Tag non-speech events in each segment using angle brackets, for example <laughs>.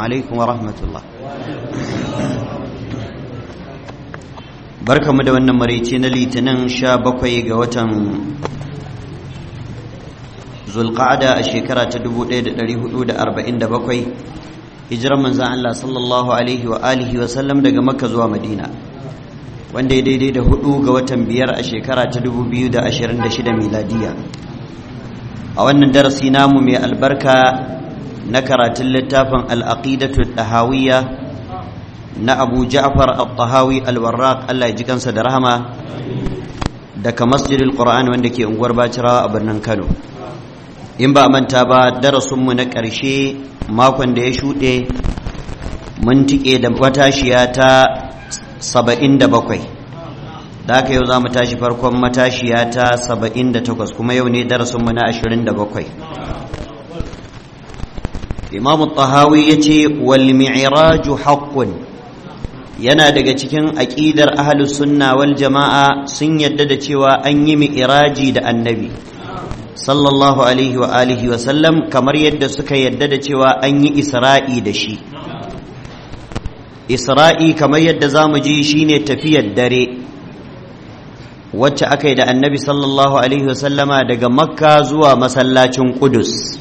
alaikum wa rahmatullah الله da wannan maraice na litinin sha bakwai ga watan zulqa'ada a shekara ta 1447 hijirar manzan Allah sallallahu alaihi wa alihi wa sallam daga makka zuwa madina wanda ya daidai da hudu ga watan biyar a shekara ta 2026 miladiya a wannan darasi namu mai albarka na karatun littafin al'aqidatu ɗahawiyya na abu ja'far al-tahawi al-warraq Allah ya ji kansa da rahama daga masjidil qur'an wanda ke unguwar bacirawa a birnin kano in ba manta ba darasinmu na ƙarshe makon da ya shuɗe mun tike da matashiya ta saba'in da bakwai da aka yau za mu tashi farkon matashiya ta saba'in da takwas kuma yau ne darasinmu na ashirin da bakwai imam tahawi ya ce wal mi'raju haqqun yana daga cikin aƙidar ahlus sunna wal jama'a sun yadda da cewa an yi mi'raji da annabi sallallahu alaihi wa alihi wa sallam kamar yadda suka yadda da cewa an yi isra'i da shi isra'i kamar yadda za mu ji shine tafiyar dare wacce aka yi da annabi sallallahu alaihi wa sallama daga makka zuwa masallacin kudus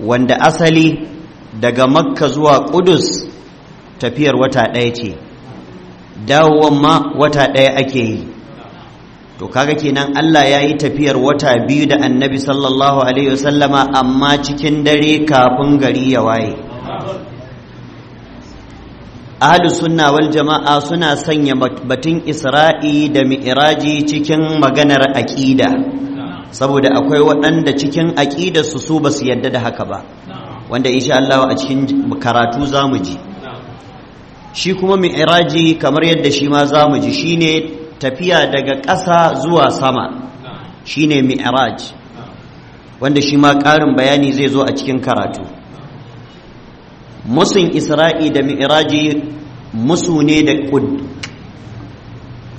wanda asali daga makka zuwa ƙudus tafiyar wata ɗaya ce dawowan ma wata ɗaya ake yi to kaga kenan Allah ya yi tafiyar wata biyu da annabi sallallahu alaihi wasallama amma cikin dare kafin gari ya waye ahlu sunna wal jama'a suna sanya batun isra'i da miiraji cikin maganar aƙida saboda akwai waɗanda cikin aƙidarsu su ba su yadda da haka ba wanda insha Allah a cikin karatu za mu ji shi kuma mi'raji kamar yadda shi ma za mu ji shine tafiya daga ƙasa zuwa sama shine mi'raj wanda shi ma ƙarin bayani zai zo a cikin karatu musun isra'i da mi'raji musu ne da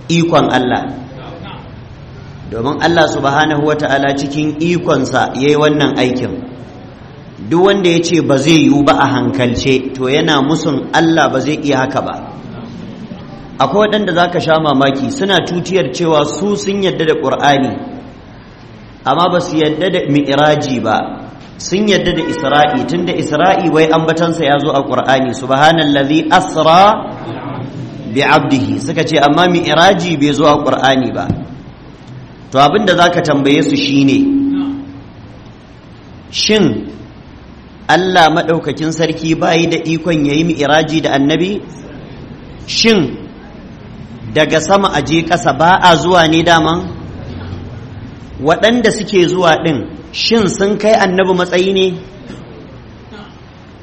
ikon Allah domin Allah subhanahu ta'ala cikin ikonsa ya yi wannan aikin duk wanda ya ce ba zai yiwu ba a hankalce to yana musun Allah ba zai iya haka ba akwai waɗanda za ka sha mamaki suna tutiyar cewa su sun yadda da ƙur'ani amma ba su yadda da mi'iraji ba sun yadda da isra'i da isra'i wai ambatansa ya zo a ƙur'ani subhanallazi asra bi abdihi suka ce amma mi'iraji bai zo a ƙur'ani ba to abin da za ka tambaye su shine shin Allah maɗaukakin sarki bayi da ikon ya yi mi'iraji da annabi shin daga sama a je ƙasa ba a zuwa ne daman waɗanda suke zuwa ɗin shin sun kai annabi matsayi ne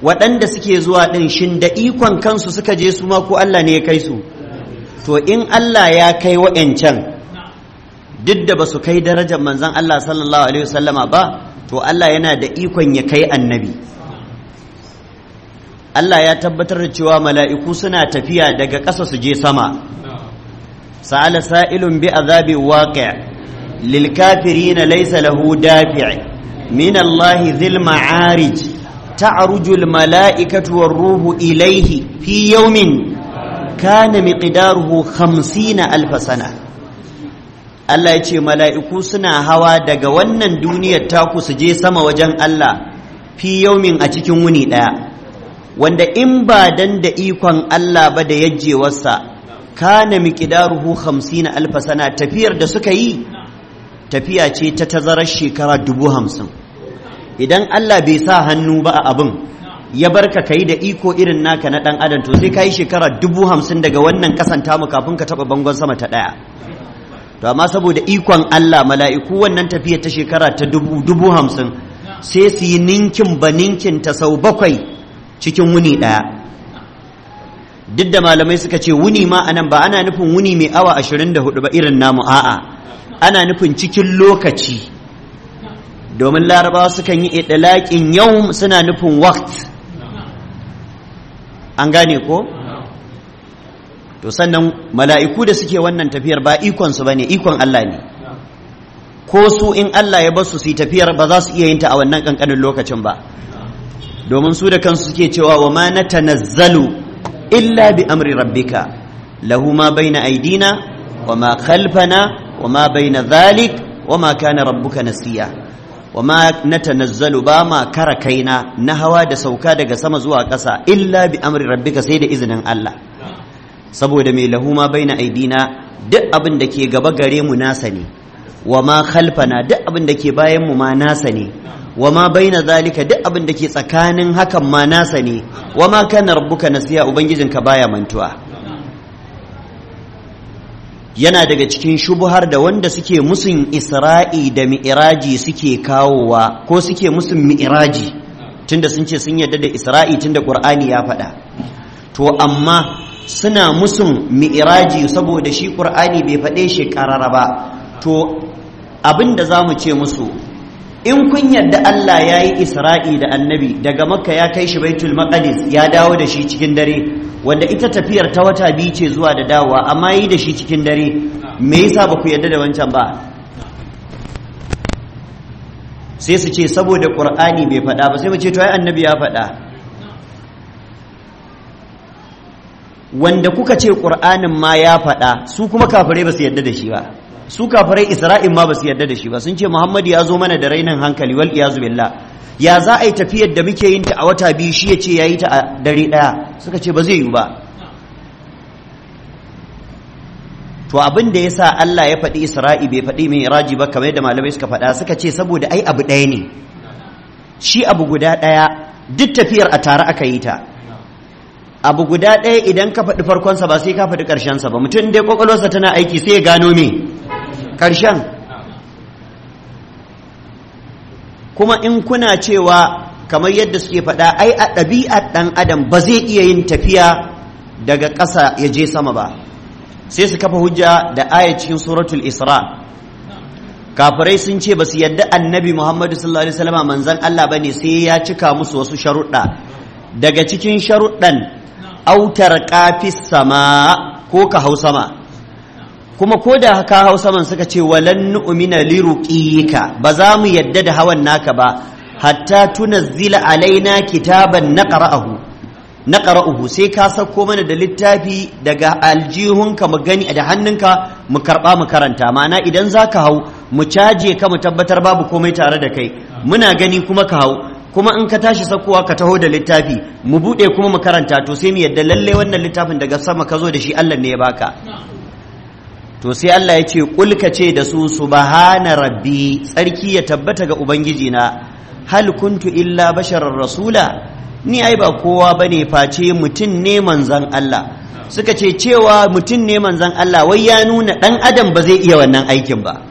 waɗanda suke zuwa ɗin shin da ikon kansu suka je su ma ko Allah ne ya kai su to in Allah ya kai can duk da ba su kai darajar manzon Allah sallallahu alaihi wasallama ba to Allah yana da ikon ya kai annabi Allah ya tabbatar da cewa mala'iku suna tafiya daga ƙasa su je sama sa'ala sa'ilun bi azabi waƙi lil kafirin laisa lahu dafi' min Allah dhil ma'arij تعرج الملائكة ruhu ilaihi. Fi يوم كان مقداره خمسين ألف سنة Allah ya ce mala'iku suna hawa daga wannan duniyar taku su je sama wajen Allah fi yaumin a cikin wuni ɗaya wanda in ba dan da ikon Allah ba da yajjewarsa kana miqdaruhu hamsi na alfasana tafiyar da suka yi tafiya ce ta tazarar shekara dubu hamsin idan Allah bai sa hannu ba a abin ya barka yi da iko irin naka na ɗan adam to sai ka yi shekara dubu hamsin daga wannan kasanta mu kafin ka taɓa bangon sama ta ɗaya to amma saboda ikon Allah mala'iku wannan tafiya ta shekara ta dubu dubu hamsin sai su yi ninkin ba ninkin ta sau bakwai cikin wuni ɗaya duk da malamai suka ce wuni ma anan ba ana nufin wuni mai awa ashirin da hudu ba irin namu a'a ana nufin cikin lokaci domin larabawa sukan yi idalaƙin yau suna nufin wakt an gane ko? to sannan mala'iku da suke wannan tafiyar ba ikonsu ba ne ikon Allah ne ko su in Allah ya basu su tafiyar ba za su iya yin ta a wannan ƙanƙanin lokacin ba domin su da kansu suke cewa wa ma na tanazzalu illa bi amri rabbika lahu ma baina aidina wa ma khalfana wa ma baina zalik wa ma kana rabbuka nasiya wa ma na natanazzalu ba ma kara kaina na hawa da sauka daga sama zuwa ƙasa illa bi amri rabbika sai da izinin Allah saboda mai lahuma baina aidina duk abin da ke gaba gare mu nasa ne wa ma khalfana duk abin da ke bayan mu ma nasa ne wa ma baina zalika duk abin da ke tsakanin hakan ma nasa ne wa ma kana rabbuka nasiya ubangijinka baya mantuwa yana daga cikin shubuhar da wanda suke musun isra'i da mi'iraji suke kawowa ko suke musun mi'iraji tunda sun ce sun yarda da isra'i tunda qur'ani ya faɗa to amma suna musun mi'iraji saboda shi ƙur'ani bai faɗe shi ƙarara ba to abin da za mu ce musu in kun yadda Allah ya yi isra'i da annabi daga makka ya kai shi baitul maqdis ya dawo da shi cikin dare wanda ita tafiyar ta wata biyu ce zuwa da dawowa amma yi da shi cikin dare me yasa ba ku yarda da wancan ba sai su ce saboda qur'ani bai faɗa ba sai mu ce to ai annabi ya faɗa wanda kuka ce ƙur'anin ma ya faɗa su kuma kafirai ba su yadda da shi ba su kafirai isra'in ma ba su yadda da shi ba sun ce muhammadu ya zo mana da rainin hankali wal iyazu billah ya za a yi tafiyar da muke yin ta a wata biyu shi ya ce ya yi ta a dare ɗaya suka ce ba zai yi ba to abin da yasa Allah ya faɗi isra'i bai faɗi mai iraji ba kamar yadda malamai suka faɗa suka ce saboda ai abu ɗaya ne shi abu guda ɗaya duk tafiyar a tare aka yi ta abu guda ɗaya idan ka faɗi farkonsa ba sai ka faɗi ƙarshensa ba mutum dai ƙwaƙwalwarsa tana aiki sai ya gano me ƙarshen kuma in kuna cewa kamar yadda suke faɗa ai a ɗabi'ar ɗan adam ba zai iya yin tafiya daga ƙasa ya je sama ba sai su kafa hujja da aya cikin suratul isra kafirai sun ce ba su yadda annabi muhammadu sallallahu alaihi wasallam manzon allah ba ne sai ya cika musu wasu sharuɗa daga cikin sharuɗan autar kafis sama ko ka hau sama kuma ko da ka hau saman suka ce walan nu'mina liruqika ba za mu yadda da hawan naka ba hatta tunazzila alaina kitaban naqra'uhu naqra'uhu sai ka sako mana da littafi daga aljihunka mu gani da hannunka mu karba mu karanta ma'ana idan zaka hau mu caje ka mu tabbatar babu komai tare da kai muna gani kuma ka hau kuma in ka tashi sakowa ka taho da littafi mu bude kuma mu karanta to sai mu yadda lalle wannan littafin daga sama ka zo da shi Allah ne ya baka to sai Allah ya ce kul ka ce da su subhana rabbi tsarki ya tabbata ga ubangiji na hal kuntu illa basharar rasula ni ai ba kowa bane face mutum ne manzon Allah suka ce cewa mutum ne manzon Allah wai ya nuna dan adam ba zai iya wannan aikin ba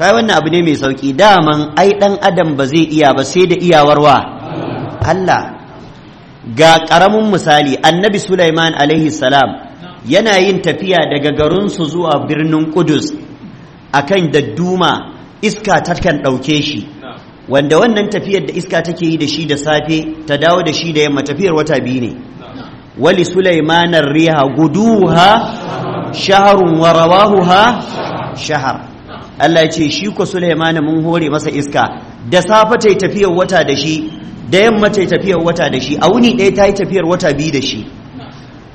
to ai wannan abu ne mai sauki daman ai ɗan adam ba zai iya ba sai da iyawarwa Allah ga ƙaramin misali annabi Sulaiman alaihi salam yana yin tafiya daga garinsu zuwa birnin Kudus akan dadduma iska takan ɗauke shi wanda wannan tafiyar da iska take yi da shi da safe ta dawo da shi da yamma tafiyar wata biyu ne wali sulaimanar riha guduha shaharun warawahuha shahar Allah ya ce shi ko mun hore masa iska da safa tai tafiyar wata da shi da yamma tai tafiyar wata da shi a wuni ɗaya ta yi tafiyar wata biyu da shi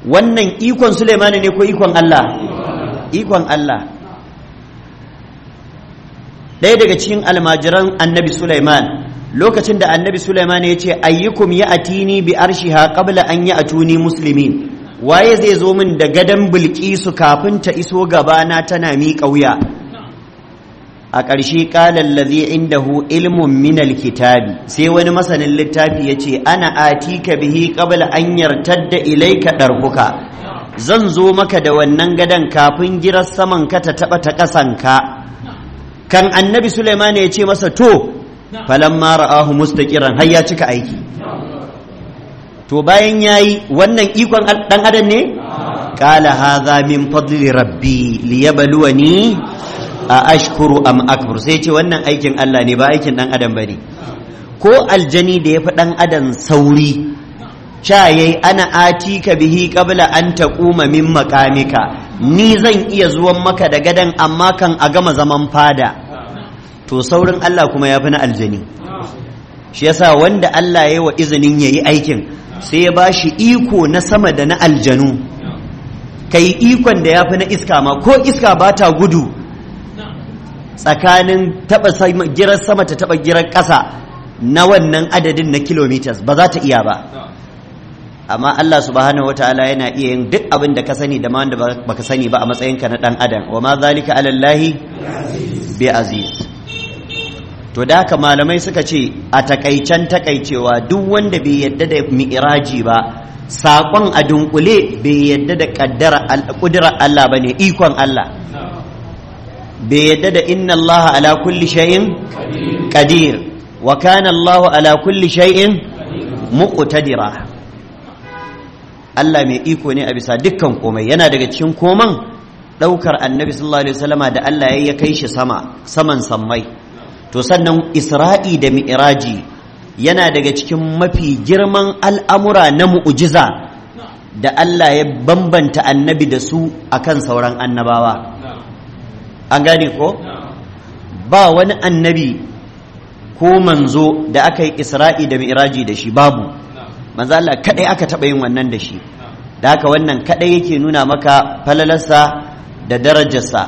wannan ikon Sulaiman ne ko ikon Allah ikon Allah ɗaya daga cikin almajiran annabi Sulaiman lokacin da annabi Sulaiman ya ce ayyukum ya atini bi arshiha qabla an ya atuni muslimin waye zai zo min da gadan bilkisu kafin ta iso gaba na tana miƙa wuya a ƙarshe ƙalar lazi hu ilmun minal kitabi sai wani masanin littafi ya ce ana atika bihi qabla an ilai ilaika ɗarkuka zan zo maka da wannan gadon kafin girar saman ka ta taɓa ta ƙasan ka kan annabi suleiman ya ce masa to falamma ra'ahu mustaqiran har ya cika aiki to bayan yayi wannan ikon ɗan adam ne qala hadha min fadli rabbi liyabluwani a ashkuru am akbar sai ce wannan aikin Allah ne ba aikin dan adam bane ko aljani da ya fi dan adam sauri sha yayi ana atika bihi qabla an taquma min maqamika ni zan iya zuwan maka da gadan amma kan a gama zaman fada to saurin Allah kuma ya fi na aljani shi yasa wanda Allah ya wa izinin yayi aikin sai ya bashi iko na sama da na aljanu kai ikon da ya fi na iska ma ko iska ba ta gudu tsakanin taɓa girar sama ta taɓa girar ƙasa na wannan adadin na kilometers ba za ta iya ba amma Allah subhanahu Ta'ala yana iya yin duk abin da ka sani da ma wanda baka sani ba a matsayinka na dan adam wa ma zalika alallahi bi aziz to da haka malamai suka ce a takaicen takaicewa duk wanda bai yadda da mi'raji ba saƙon a dunkule bai yadda da ƙaddara ƙudurar Allah bane ikon Allah bai yadda da inna allaha ala kulli shay'in qadir wa kana allahu ala kulli shay'in muqtadira Allah mai iko ne a bisa dukkan komai yana daga cikin koman ɗaukar annabi sallallahu alaihi wasallama da Allah ya kai shi sama saman sammai to sannan isra'i da mi'raji yana daga cikin mafi girman al'amura na mu'ujiza da Allah ya bambanta annabi da su akan sauran annabawa an gane ko ba wani annabi ko manzo da aka yi isra'i da mi'raji da shi babu manzo Allah kadai aka taba yin wannan da shi da haka wannan kadai yake nuna maka falalarsa da darajarsa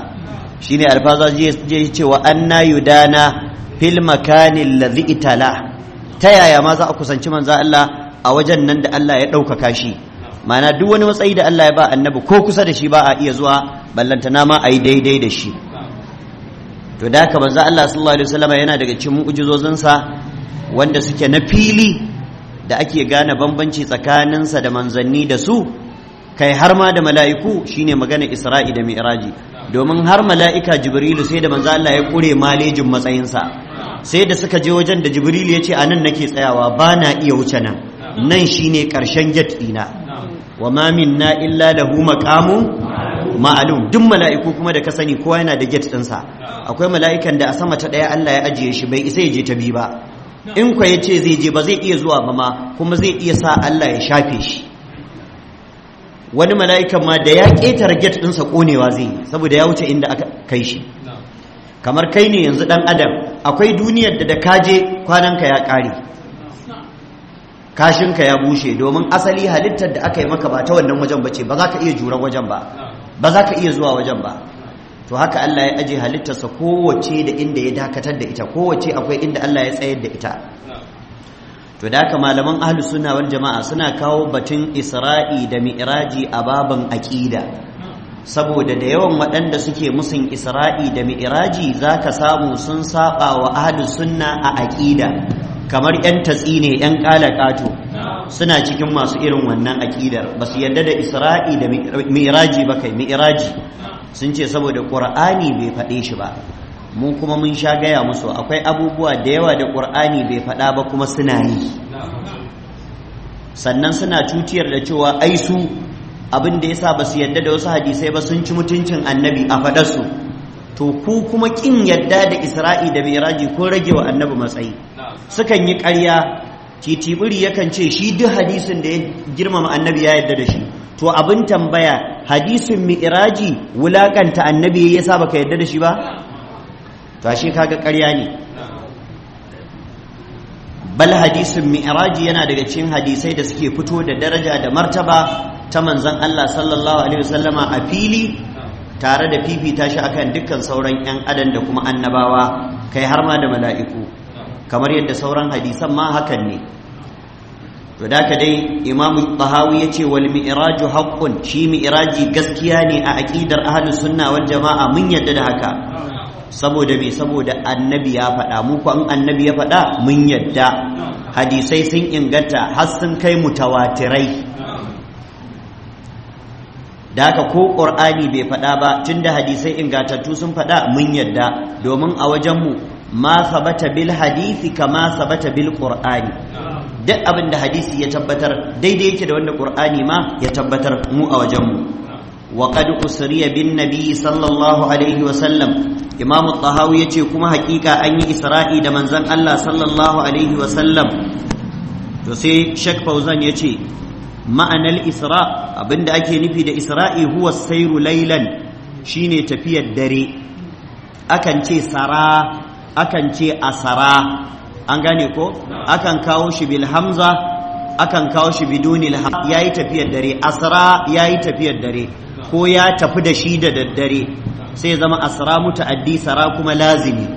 shine alfaza je cewa anna yudana fil makanin ladhi itala ta yaya ma za a kusanci manzo Allah a wajen nan da Allah ya ɗaukaka shi ma'ana duk wani matsayi da Allah ya ba annabi ko kusa da shi ba a iya zuwa ballantana ma a yi daidai da shi to da haka manzo Allah sallallahu alaihi wasallam yana daga cikin mu'jizozinsa wanda suke na fili da ake gane bambanci tsakaninsa da manzanni da su kai har ma da mala'iku shine magana Isra'i da Mi'raji domin har mala'ika Jibrilu sai da manzo Allah ya kure malejin matsayin sa sai da suka je wajen da Jibrilu ya ce anan nake tsayawa bana iya wuce nan nan shine karshen gate dina wa ma minna illa lahu maqamu ma'alum duk mala'iku kuma da ka sani kowa yana da gate ɗinsa akwai mala'ikan da a sama ta ɗaya Allah ya ajiye shi bai isa ya je ta biyu ba in kwa yace zai je ba zai iya zuwa ba ma kuma zai iya sa Allah ya shafe shi wani mala'ikan ma da ya ƙetare gate ɗinsa konewa zai yi saboda ya wuce inda aka kai shi kamar kai ne yanzu dan adam akwai duniyar da da kaje ka ya ƙare kashinka ya bushe domin asali halittar da aka yi maka ba ta wannan wajen ba ce ba za ka iya juran wajen ba ba za ka iya zuwa wajen ba to haka Allah ya aje halittarsa kowace da inda ya dakatar da ita kowace akwai inda Allah ya tsayar da ita to da haka malaman ahlus sunna wal jama'a suna kawo batun isra'i da mi'raji a baban aqida saboda da yawan waɗanda suke musun isra'i da mi'raji zaka samu sun saba wa ahlus sunna a aqida kamar 'yan tatsi ne 'yan ƙato suna cikin masu irin wannan aƙidar ba su yadda da isra'i da mi'iraji ba kai mi'iraji sun ce saboda ƙur'ani bai faɗe shi ba mun kuma mun sha gaya musu akwai abubuwa da yawa da ƙur'ani bai faɗa ba kuma suna yi sannan suna cutiyar da cewa ai su abin da yasa ba su yadda da wasu hadisai ba sun ci mutuncin annabi a faɗarsu to ku kuma ƙin yadda da isra'i da miraji ko rage wa annabi matsayi sukan yi karya titiburi yakan ce shi duk hadisin da ya girmama annabi ya yadda da shi to abin tambaya hadisin mi'iraji wulakanta annabi ya sa baka yadda da shi ba to ashe kaga karya ne bal hadisin mi'iraji yana daga cikin hadisai da suke fito da daraja da martaba ta manzon Allah sallallahu alaihi wasallama a fili tare da fifita shi akan dukkan sauran 'yan adam da kuma annabawa kai har ma da mala'iku kamar yadda sauran hadisan ma hakan ne to da dai imamu tahawi ya ce wal mi'raju haqqun shi mi'raji gaskiya ne a aqidar ahlus sunna wal jama'a mun yadda da haka saboda me saboda annabi ya faɗa mu ko an annabi ya faɗa mun yadda hadisai sun inganta har sun kai mutawatirai da haka ko qur'ani bai faɗa ba tunda hadisai ingantattu sun faɗa mun yadda domin a wajen mu ma sabata bil hadisi kama sabata bil qur'ani duk abin da hadisi ya tabbatar daidai yake da wanda qur'ani ma ya tabbatar mu a wajenmu wa qad usriya bin nabi sallallahu alaihi wa sallam imamu tahawi yace kuma hakika an yi isra'i da manzon Allah sallallahu alaihi wa sallam to sai shek fauzan yace ma'anar isra abinda ake nufi da isra'i huwa sairu lailan shine tafiyar dare akan ce sara akan ce asara an gane ko akan kawo shi bil hamza akan kawo shi bidunil ya yi tafiyar dare asara yayi tafiyar dare ko ya tafi da shi da daddare sai zama asara muta'addi sara kuma lazimi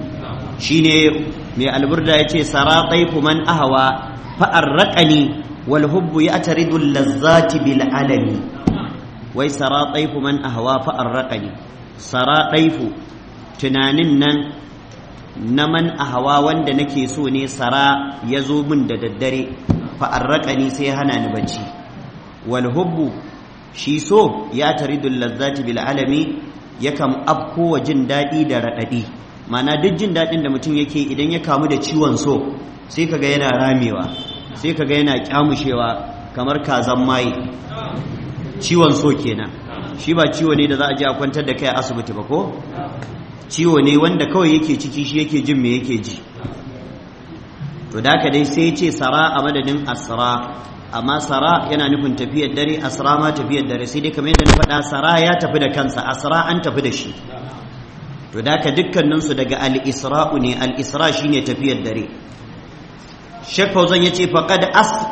shine mai alburda yace ce sara tsaifu man ahawa fa'arraƙani wal hubbu ya lazzati bil alami wai sara tsaifu man ahawa fa'arraƙani sara tsaifu tunanin nan na man hawa wanda nake so ne tsara ya zo min da daddare fa'arraka ni sai hana ni bacci wal hubbu shi so ya tari taridul lazzati bil alami ya afko wa jin daɗi da raɗaɗi mana duk jin daɗin da mutum yake idan ya kamu da ciwon so sai kaga yana ramewa sai kaga yana kyamushewa kamar kazan maye ciwon so kenan shi ba ciwo ne da za a je a kwantar da kai a asibiti ba ko ciwo ne wanda kawai yake ciki shi yake jin me yake ji to da ka dai sai ce sara a madadin asra amma sara yana nufin tafiyar dare asra ma tafiyar dare sai dai kamar yadda na faɗa sara ya tafi da kansa asra an tafi da shi to da ka dukkaninsu daga al-isra'u ne al-isra shine tafiyar dare Sheikh Fauzan yace faqad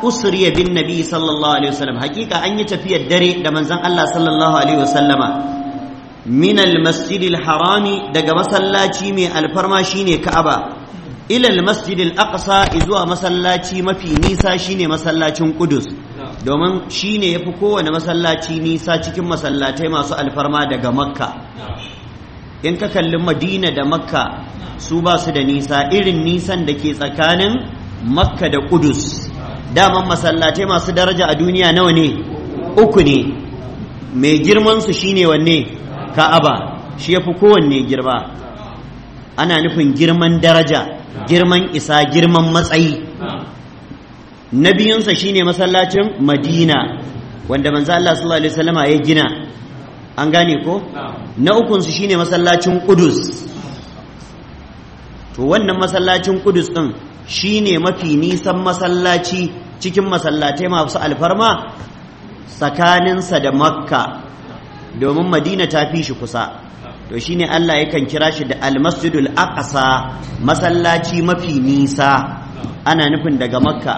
usriya bin nabi sallallahu alaihi wasallam hakika an yi tafiyar dare da manzon Allah sallallahu alaihi wasallama Minal al harami daga masallaci mai alfarma shine Ka'aba ila al-masjid al-aqsa zuwa masallaci mafi nisa shine masallacin Qudus domin shine yafi kowane masallaci nisa cikin masallatai masu alfarma daga Makka in ka kalli Madina da Makka su ba su da nisa irin nisan da ke tsakanin Makka da Qudus daman masallatai masu daraja a duniya nawa ne uku ne mai girman su shine wanne ka'aba shi ya fi kowanne girma ana nufin girman daraja girman isa girman matsayi na biyunsa shi ne masallacin madina wanda manzo Allah sallallahu alaihi wasallama ya gina an gane ko na ukunsu ne masallacin kudus to wannan masallacin kudus din ne mafi nisan masallaci cikin masallatai masu alfarma tsakaninsa da makka domin madina ta fi shi kusa to ne Allah yakan kira shi da almasjidul aqsa masallaci mafi nisa ana nufin daga makka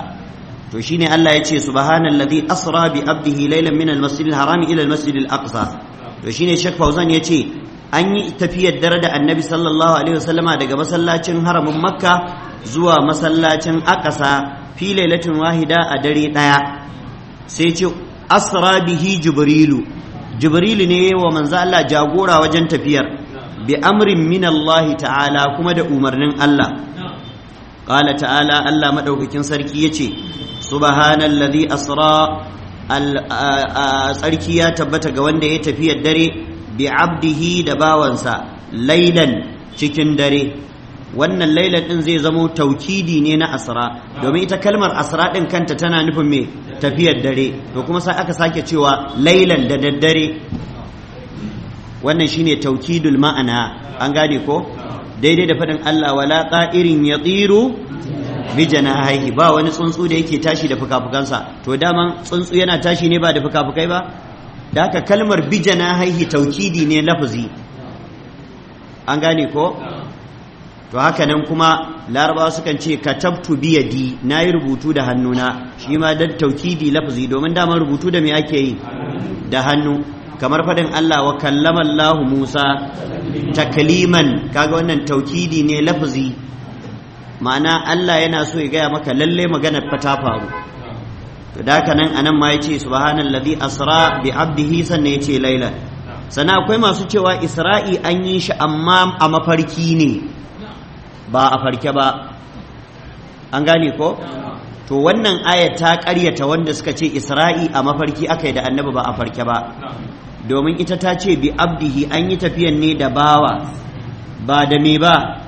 to ne Allah ya ce subhanallazi asra bi abdihi laylan min almasjidil harami ila almasjidil aqsa to ne Sheikh Fauzan ya ce an yi tafiyar dare da annabi sallallahu alaihi wasallama daga masallacin haramin makka zuwa masallacin aqsa fi lailatin wahida a dare daya sai ce asra bihi jibrilu jibrilu ne wa manzo Allah jagora wajen tafiyar bi amrin min Allah ta'ala kuma da umarnin Allah qala ta'ala Allah madaukakin sarki yace subhanallazi asra Sarki ya tabbata ga wanda ya tafiyar dare bi abdihi da bawansa lailan cikin dare wannan lailan din zai zamo taukidi ne na asra domin ita kalmar asra din kanta tana nufin me tafiyar dare to kuma sai aka sake cewa lailan da daddare wannan shine taukidul ma'ana an gane ko daidai da faɗin Allah wala qa'irin yatiru bi janahihi ba wani tsuntsu da yake tashi da fukafukansa to dama tsuntsu yana tashi ne ba da fukafukai ba da haka kalmar bi janahihi taukidi ne lafazi an gane ko to haka nan kuma Laraba sukan ce katabtu biyadi na yi rubutu da hannuna shi ma dan taukidi lafzi domin damar rubutu da me ake yi da hannu kamar fadin Allah wa kallama Allah Musa takliman kaga wannan taukidi ne lafzi ma'ana Allah yana so ya gaya maka lalle magana fa ta faru to da haka nan anan ma yace subhanallazi asra bi abdihi sannan yace laila sana akwai masu cewa isra'i an yi shi amma a mafarki ne ba a farke ba an gane ko to wannan aya ta ƙaryata wanda suka ce isra'i a mafarki aka yi da annabi ba a farke ba domin ita ta ce bi abdihi an yi tafiyan ne da bawa ba da me ba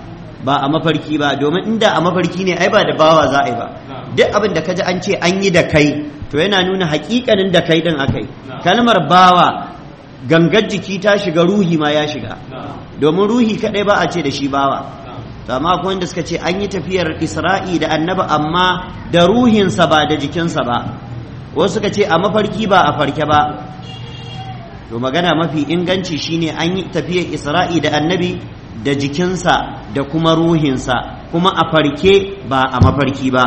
ba a mafarki ba domin inda a mafarki ne ai ba da bawa za a yi ba duk abin da kaji an ce an yi da kai to yana nuna hakikanin da kai din akai kalmar bawa gangar jiki ta shiga ruhi ma ya shiga domin ruhi kadai ba a ce da shi bawa to amma akwai wanda suka ce an yi tafiyar isra'i da annaba amma da ruhinsa ba da jikinsa ba wasu suka ce a mafarki ba a farke ba to magana mafi inganci shine an yi tafiyar isra'i da annabi da jikinsa da kuma ruhinsa kuma a farke ba a mafarki ba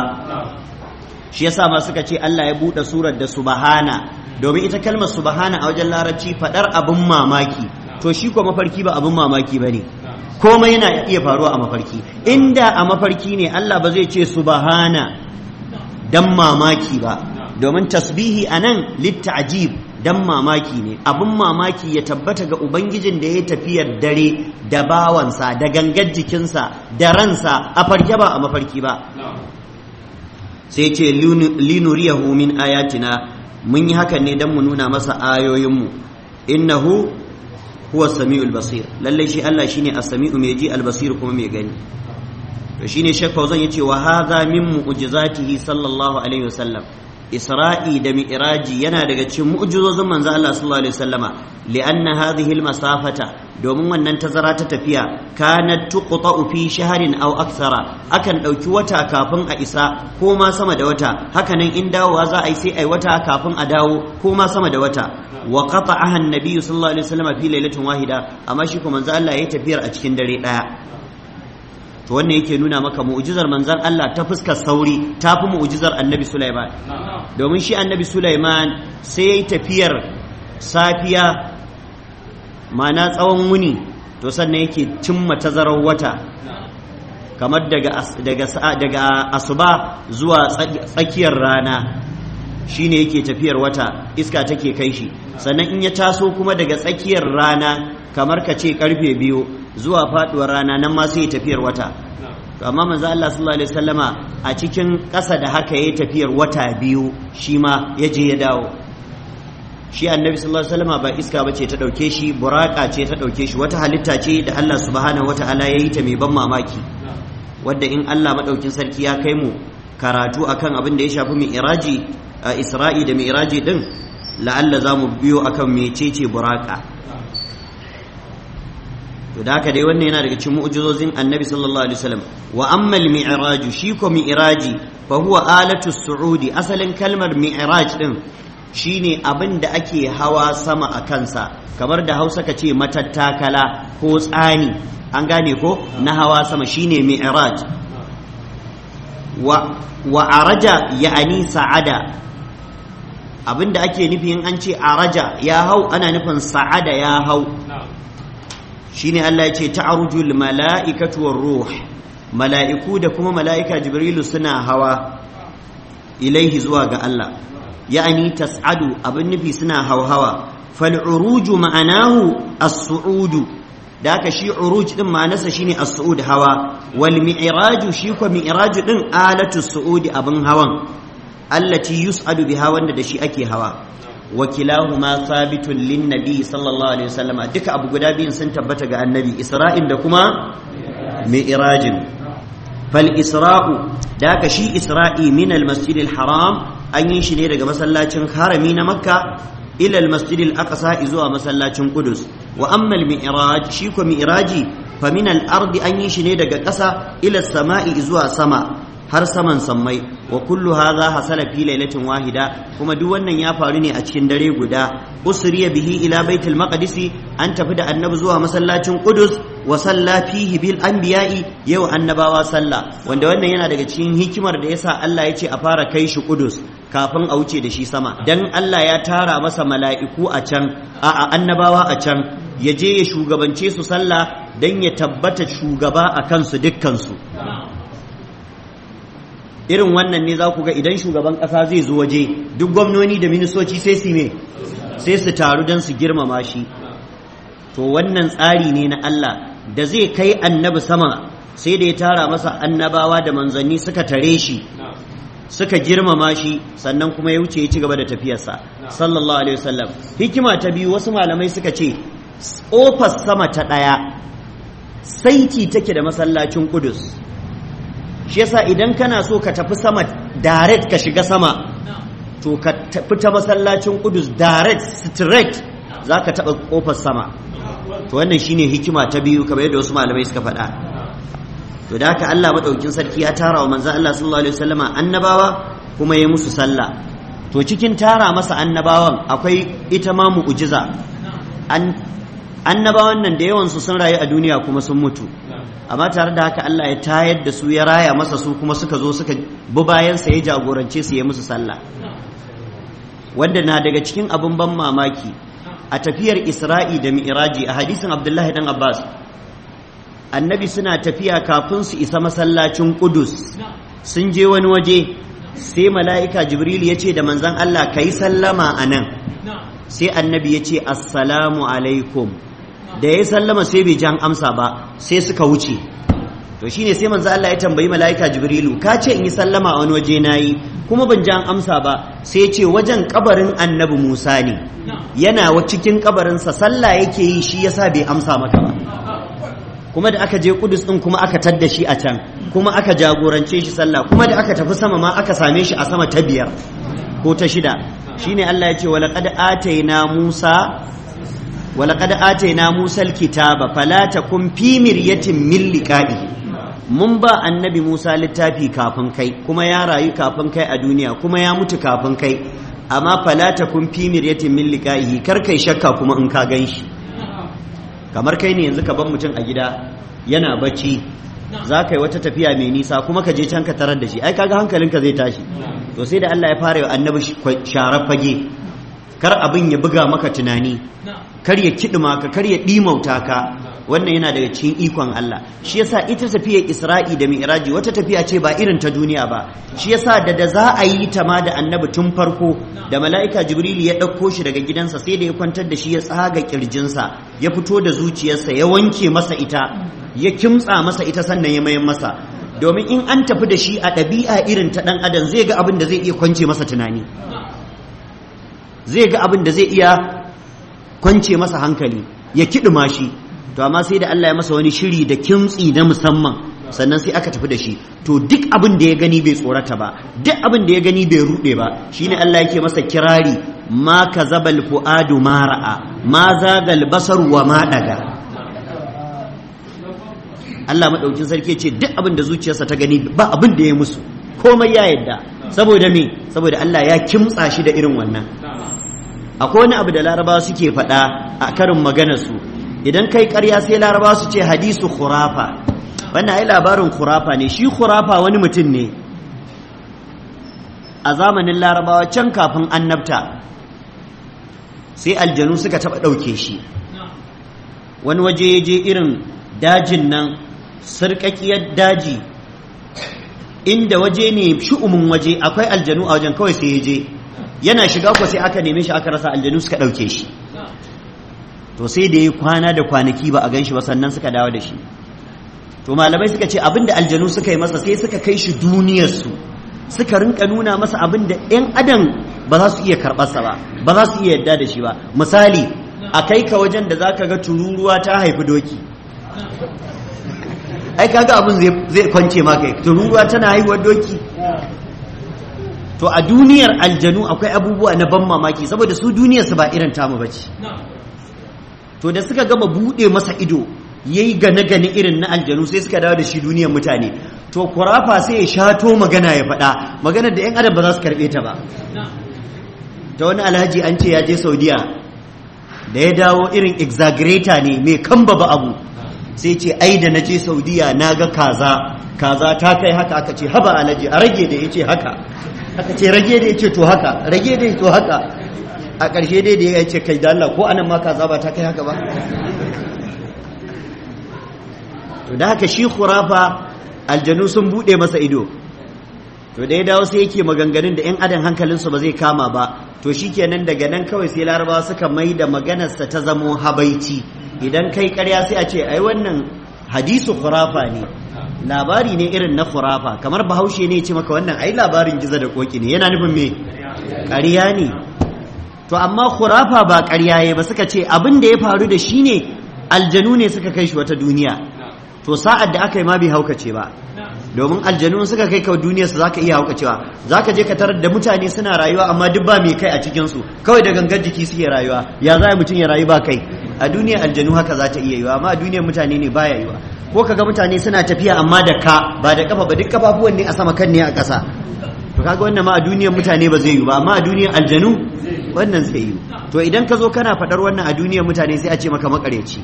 shi yasa ma suka ce Allah ya buɗe surar da subhana domin ita kalmar subhana a wajen larabci faɗar abin mamaki to shi ko mafarki ba abin mamaki ba ne komai yana iya faruwa a mafarki inda a mafarki ne Allah ba zai ce su subhana dan mamaki ba domin tasbihi a nan, anan ajib dan mamaki ne Abin mamaki ya tabbata ga ubangijin da ya tafiyar dare da bawansa da gangar jikinsa da ransa a farke ba a mafarki ba sai ce linuriyahu min ayatina mun yi hakan ne don mu nuna masa ayoyinmu innahu huwa samiul basir lallai shi Allah shine as-sami'u mai ji al-basir kuma mai gani to shine Sheikh ya yace wa hadha min mu'jizatihi sallallahu alaihi wasallam isra'i da mi'raji yana daga cikin mu'jizozin manzo Allah sallallahu alaihi wasallama li'anna hadhihi al-masafata domin wannan tazara ta tafiya kanat tuqta'u fi shahrin aw akthara akan ɗauki wata kafin a isa ko ma sama da wata hakanan in dawowa za a yi sai ai wata kafin a dawo ko ma sama da wata wa qata'aha an sallallahu alaihi wasallama fi lailatin wahida amma shi kuma manzo Allah yayi tafiyar a cikin dare ɗaya. to wannan yake nuna maka mu'jizar manzon Allah ta fuskar sauri ta fi mu'jizar annabi Sulaiman domin shi annabi Sulaiman sai yayi tafiyar safiya ma'ana tsawon wuni to sannan yake cimma tazarar wata kamar daga daga asuba zuwa tsakiyar rana shine yake tafiyar wata iska take kai shi sannan in ya taso kuma daga tsakiyar rana kamar ka ce karfe biyu zuwa faduwar rana nan ma sai tafiyar wata to amma manzo Allah sallallahu alaihi wasallama a cikin ƙasa da haka yayi tafiyar wata biyu shi ma ya je ya dawo shi annabi sallallahu alaihi wasallama ba iska bace ta dauke shi buraka ce ta dauke shi wata halitta ce da Allah subhanahu wataala yayi ta mai ban mamaki wadda in Allah madaukin sarki ya kai mu karatu akan abin da ya shafi mi iraji a Isra'i da mi iraji din la'alla za mu biyo akan mecece buraka to da haka dai wannan yana daga cikin mu'jizozin annabi sallallahu alaihi wasallam wa amma al-mi'raj shi ko mi'raj fa huwa alatu su'udi asalin kalmar mi'raj din shine abin da ake hawa sama a kansa kamar da Hausa ka ce matattakala ko tsani an gane ko na hawa sama shine mi'raj wa wa araja ya'ani sa'ada abin da ake nufi in an ce araja ya hau ana nufin sa'ada ya hau shine Allah ya ce ta'arujul mala'ikatu war ruh mala'iku da kuma mala'ika jibrilu suna hawa ilaihi zuwa ga Allah ya'ani tas'adu abin nufi suna hauhawa fal'uruju ma'anahu as-su'udu da haka shi uruj din ma'anarsa shine as-su'ud hawa wal mi'raju shi ko mi'raju din alatu su'udi abin hawan allati bi biha wanda da shi ake hawa wa kilahuma thabitun lin nabi sallallahu alaihi duka abu guda biyun sun tabbata ga annabi isra'in da kuma mi'rajin fal isra'u da ka shi isra'i min al masjid al haram an yi shi ne daga masallacin harami na makka ila al masjid al aqsa zuwa masallacin qudus wa amma al mi'raj shi ko mi'raji fa min al ardi an yi shi ne daga ƙasa ila sama'i zuwa sama har saman sammai wa kullu hadha hasala fi lailatin wahida kuma duk wannan ya faru ne a cikin dare guda usriya bihi ila baitul maqdis an tafi da annabi zuwa masallacin qudus wa salla fihi bil anbiya'i yau annabawa sallah wanda wannan yana daga cikin hikimar da yasa Allah ya ce a fara kai shi qudus kafin a wuce da shi sama dan Allah ya tara masa mala'iku a can a annabawa a can ya je ya shugabance su sallah dan ya tabbata shugaba a kansu dukkansu irin wannan ne za ku ga idan shugaban ƙasa zai zo waje duk gwamnoni da ministoci sai su me sai su taru don su girmama shi to wannan tsari ne na Allah da zai kai annabi sama sai da ya tara masa annabawa da manzanni suka tare shi suka girmama shi sannan kuma ya wuce ya ci gaba da tafiyarsa sallallahu alaihi wasallam hikima ta biyu wasu malamai suka ce ofas sama ta ɗaya saiti take da masallacin kudus shi yasa idan kana so ka tafi sama direct ka shiga sama to ka tafi ta masallacin kudus direct straight za ka taɓa ƙofar sama to wannan shine hikima ta biyu kamar yadda wasu malamai suka faɗa to da haka Allah maɗaukin sarki ya tara wa manzan Allah sallallahu alaihi wasallama annabawa kuma ya musu sallah to cikin tara masa annabawan akwai ita ma mu'jiza annabawan nan da yawan su sun rayu a duniya kuma sun mutu amma tare da haka Allah ya tayar da su ya raya masa su kuma suka zo suka bi bayan sa ya jagorance su ya musu sallah wanda na daga cikin abin ban mamaki a tafiyar Isra'i da Mi'raji a hadisin Abdullahi dan Abbas annabi suna tafiya kafin su isa masallacin Qudus sun je wani waje sai mala'ika Jibril ya ce da manzon Allah kai sallama anan sai annabi ya ce assalamu alaikum da ya sallama sai bai jan amsa ba sai suka wuce to shine sai manzo Allah ya tambayi malaika jibrilu ka ce in yi sallama a wani waje nayi kuma ban jan amsa ba sai ya ce wajen kabarin annabi Musa ne yana cikin kabarinsa sallah yake yi shi yasa bai amsa maka ba kuma da aka je kudus din kuma aka tadda shi a can kuma aka jagorance shi sallah kuma da aka tafi sama ma aka same shi a sama ta biyar ko ta shida shine Allah ya ce walaqad ataina Musa ولقد آتينا موسى الكتاب فلا تكن في مرية من لقائه mun ba annabi Musa littafi kafin kai kuma ya rayu kafin kai a duniya kuma ya mutu kafin kai amma falata kun fi miryatin min liqa'ihi kar kai shakka kuma in ka gan shi kamar kai ne yanzu ka ban mutum a gida yana bacci za ka yi wata tafiya mai nisa kuma ka je can ka tarar da shi ai kaga hankalinka zai tashi to sai da Allah ya fara yi annabi sharar fage kar abin ya buga maka tunani kar ya ka kar dimauta ka wannan yana daga cikin ikon Allah shi yasa ita tafiya Isra'i da Mi'raji wata tafiya ce ba irin ta duniya ba shi yasa da da za a yi ta ma da Annabi tun farko da mala'ika Jibril ya dauko shi daga gidansa sai da ya kwantar da shi ya tsaga kirjinsa ya fito da zuciyarsa ya wanke masa ita ya kimtsa masa ita sannan ya mayan masa domin in an tafi da shi a ɗabi'a irin ta dan adam zai ga abin da zai iya kwance masa tunani zai ga abin da zai iya kwance masa hankali ya kiɗima mashi, to amma sai da Allah ya masa wani shiri da kimtsi na musamman sannan sai aka tafi da shi to duk abin da ya gani bai tsorata ba duk abin da ya gani bai ruɗe ba shine Allah yake masa kirari ma kazabal fuadu ma ra'a ma zagal basar wa ma daga Allah maɗaukin sarki ce duk abin da zuciyarsa ta gani ba abin da ya musu komai ya yadda saboda me saboda Allah ya kimtsa shi da irin wannan akwai wani abu da larabawa suke faɗa a karin maganar su idan kai ƙarya sai larabawa su ce hadisu khurafa wannan ai labarin khurafa ne shi khurafa wani mutum ne a zamanin larabawa can kafin annabta sai aljanu suka taɓa ɗauke shi wani waje ya je irin dajin nan sarƙaƙiyar daji inda waje ne shi'umin waje akwai aljanu a wajen kawai sai ya je yana shiga ku sai aka neme shi aka rasa aljanu suka ɗauke shi to sai da yi kwana da kwanaki ba a gan shi ba sannan suka dawo da shi to malamai suka ce abinda aljanu suka yi masa sai suka kai shi duniyar su suka rinka nuna masa abinda 'yan adam ba za su iya karɓarsa ba ba za su iya yadda da shi ba misali a kai ka wajen da za ga tururuwa ta haifi doki ai kaga abin zai kwance maka tururuwa tana haihuwar doki to a duniyar aljanu akwai abubuwa na ban mamaki saboda su duniyar su ba irin tamu ce to da suka gama bude masa ido ya yi gane gane irin na aljanu sai suka dawo da shi duniyar mutane to kurafa sai ya shato magana ya faɗa maganar da 'yan adam ba za su karɓe ta ba ta wani alhaji an ce ya je saudiya da ya dawo irin exaggerator ne mai kamba ba abu sai ce ai da na je saudiya na ga kaza kaza ta kai haka aka ce haba alhaji a rage da ya ce haka aka ce rage ya ce to haka rage dai to haka a ƙarshe dai da ya ce kai da Allah ko anan ma kaza zaba ta kai haka ba to da haka shi khurafa aljanu sun bude masa ido to da ya dawo sai yake maganganun da 'yan adam hankalinsu ba zai kama ba to shikenan daga nan kawai sai larabawa suka mai da maganarsa ta zamo habaici idan kai karya sai a ce ai wannan hadisu khurafa ne labari ne irin na furafa kamar bahaushe ne ce maka wannan ai labarin gizo da koki ne yana nufin me ƙarya ne to amma khurafa ba ƙarya ba suka ce abin da ya faru da shi ne aljanu ne suka kai shi wata duniya to sa'ad da aka yi ma bai haukace ba domin aljanu suka kai ka duniya su zaka iya haukacewa ka je ka tarar da mutane suna rayuwa amma duk ba mai kai a cikin su kawai da gangar jiki suke rayuwa ya za mutum ya rayu ba kai a duniya aljanu haka za ta iya yiwa amma a duniya mutane ne baya yiwa ko kaga mutane suna tafiya amma da ka ba da kafa ba duk kafafuwan ne a sama kan ne a ƙasa to kaga wannan ma a duniyar mutane ba zai yi ba amma a duniyar aljanu wannan zai yi to idan ka zo kana faɗar wannan a duniyar mutane sai a ce maka makareci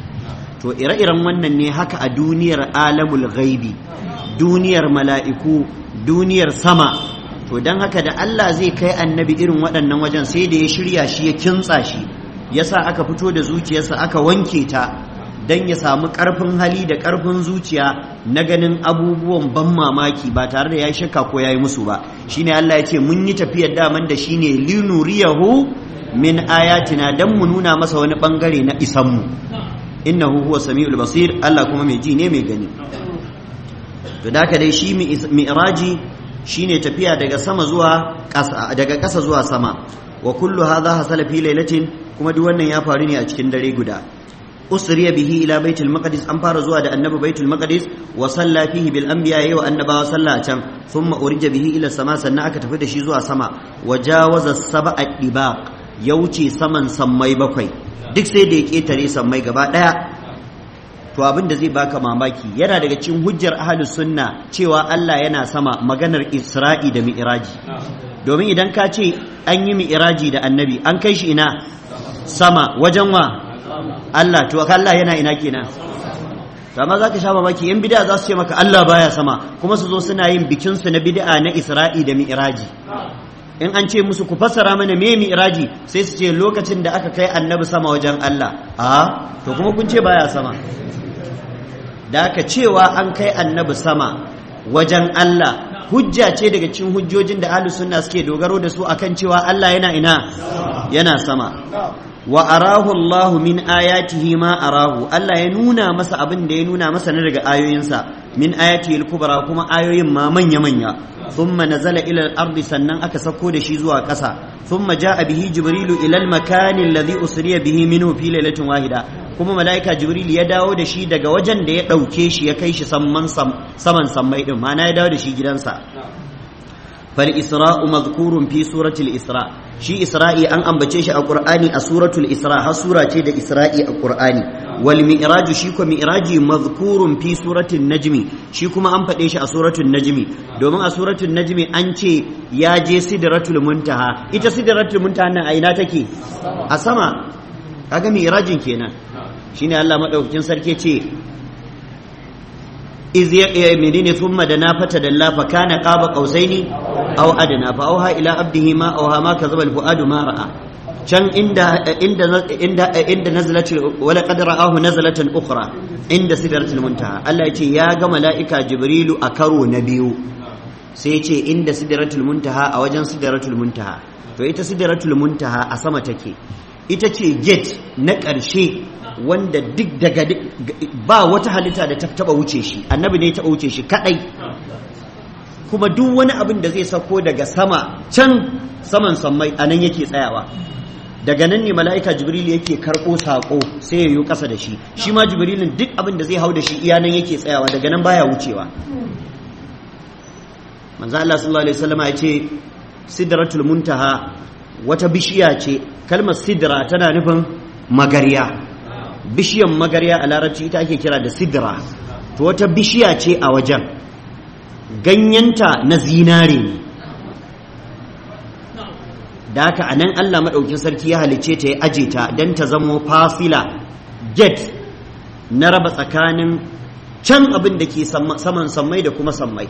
to ire-iren wannan ne haka a duniyar alamul ghaibi duniyar mala'iku duniyar sama to don haka da Allah zai kai annabi irin waɗannan wajen sai da ya shirya shi ya kintsa shi yasa aka fito da zuciyarsa aka wanke ta Dan ya samu ƙarfin hali da ƙarfin zuciya na ganin abubuwan ban mamaki ba tare da ya yi shakka ko ya yi musu ba shine Allah ya ce mun yi tafiyar daman da shine linuriyahu min ayatina don mu nuna masa wani bangare na isanmu innahu huwa sami'ul basir Allah kuma mai ji ne mai gani to da dai shi mi'raji shine tafiya daga sama zuwa ƙasa daga ƙasa zuwa sama wa kullu hadha hasala fi lailatin kuma duk wannan ya faru ne a cikin dare guda usriya bihi ila baitul maqdis an fara zuwa da annabi baitul maqdis wa salla fihi bil anbiya wa annabawa salla can thumma urija bihi ila sama sannan aka tafi da shi zuwa sama wa jawaza sab'a dibaq ya wuce saman sammai bakwai duk sai da ya ketare sammai gaba daya to abin da zai baka mamaki yana daga cikin hujjar ahlus sunna cewa Allah yana sama maganar Isra'i da Mi'raji domin idan ka ce an yi Mi'raji da Annabi an kai shi ina sama wajen wa Allah to Allah yana ina kenan to amma zaka sha mamaki yan bid'a za su ce maka Allah baya sama kuma su zo suna yin bikin su na bid'a na Isra'i da Mi'raji in an ce musu ku fassara mana me Mi'raji sai su ce lokacin da aka kai annabi sama wajen Allah a to kuma kun ce baya sama da aka cewa an kai annabi sama wajen Allah hujja ce daga cikin hujjojin da ahlus sunna suke dogaro da su akan cewa Allah yana ina yana sama wa arahu Allahu min ayatihi ma arahu Allah ya nuna masa abin da ya nuna masa na daga ayoyinsa min ayati al-kubra kuma ayoyin ma manya manya thumma nazala ila al-ardi sannan aka sako da shi zuwa ƙasa thumma jaa bihi jibrilu ila al-makani alladhi usriya bihi minhu fi lailatin wahida kuma malaika jibril ya dawo da shi daga wajen da ya dauke shi ya kai shi saman saman sammai din ma'ana ya dawo da shi gidansa fal isra'u madhkurun fi suratul isra shi isra'i an ambace shi a qur'ani a suratul isra har sura ce da isra'i a qur'ani wal mi'raju shi ko mi'raji madhkurun fi suratul najmi shi kuma an faɗe shi a suratul najmi domin a suratul najmi an ce ya je sidratul muntaha ita sidratul muntaha nan a ina take a sama kaga mi'rajin kenan shine Allah madaukakin sarki ce iz ya menene thumma da na fata dalla fa kana qaba qausaini aw adna fa auha ila abdihi ma auha ma kazaba alfuadu ma ra'a can inda inda inda inda nazalatul wala qad ra'ahu nazalatan ukhra inda sidratul muntaha Allah yace ya gama la'ika jibrilu a karo na biyu sai yace inda sidratul muntaha a wajen sidratul muntaha to ita sidratul muntaha a sama take ita ce gate na ƙarshe wanda duk daga ba wata halitta da ta taba wuce shi annabi ne ya taba wuce shi kadai kuma duk wani abin da zai sako daga sama can saman sammai anan yake tsayawa daga nan ne mala'ika jibril yake karɓo saƙo sai ya yi ƙasa da shi shi ma jibrilin duk abin da zai hau da shi iya nan yake tsayawa daga nan baya wucewa manzo Allah sallallahu alaihi wasallam ya ce sidratul muntaha wata bishiya ce kalmar sidra tana nufin magariya bishiyan magarya a larabci ita ake kira da sidra to wata bishiya ce a wajen ganyenta na zinare ne da haka a nan allah maɗaukin sarki ya halice ta ya aje ta don ta zamo fasila get na raba tsakanin can abin da ke saman sammai da kuma sammai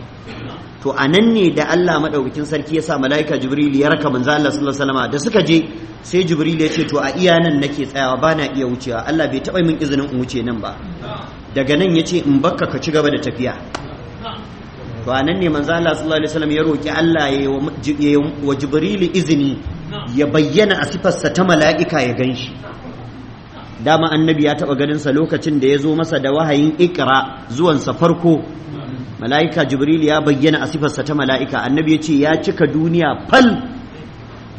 to a nan ne da Allah madaukakin sarki ya sa malaika jibril ya raka manzo Allah sallallahu alaihi wasallam da suka je sai jibril ya ce to a iya nan nake tsayawa bana iya wucewa Allah bai taba min izinin in wuce nan ba daga nan yace in bakka ka ci gaba da tafiya to a nan ne manzo Allah sallallahu alaihi ya roki Allah ya wa jibril izini ya bayyana a sifarsa ta mala'ika ya ganshi dama annabi ya taɓa ganinsa lokacin da ya zo masa da wahayin ikra zuwansa farko mala'ika jibril ya bayyana a sifarsa ta mala'ika annabi ya ce ya cika duniya fal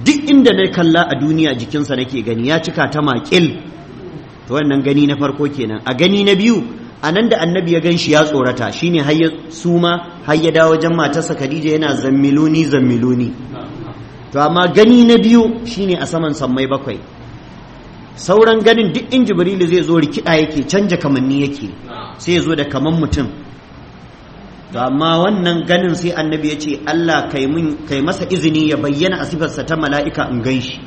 duk inda na kalla a duniya jikinsa nake gani ya cika ta maƙil to wannan gani na farko kenan a gani na biyu a nan da annabi ya gan shi ya tsorata shine har ya suma har ya dawo wajen matarsa khadija yana zammiluni zammiluni to amma gani na biyu shine a saman sammai bakwai sauran ganin duk in jibrilu zai zo rikida yake canja kamanni yake sai ya zo da kaman mutum to amma wannan ganin sai annabi ya ce Allah kai mun kai masa izini ya bayyana a sifarsa ta mala'ika in gan shi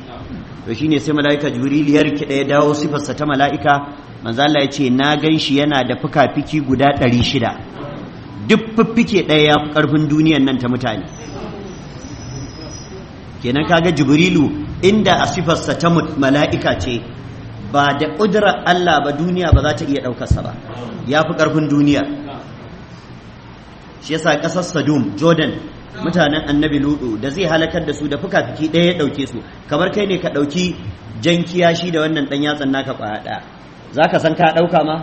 to shine sai mala'ika jibrilu ya rikida ya dawo sifarsa ta mala'ika manzo Allah ya ce na gan shi yana da fuka-fiki guda shida. duk fiffike ɗaya ya fi ƙarfin duniyan nan ta mutane kenan kaga jibrilu inda a sifarsa ta mala'ika ce ba da ƙudurar Allah ba duniya ba za ta iya ɗaukarsa ba ya fi ƙarfin duniya shi yasa ƙasar sadum jordan mutanen annabi ludu da zai halakar da su da fuka-fiki ɗaya ya ɗauke su kamar kai ne ka ɗauki jan kiyashi da wannan ɗan yatsan naka ƙwaya ɗaya za ka san ka ɗauka ma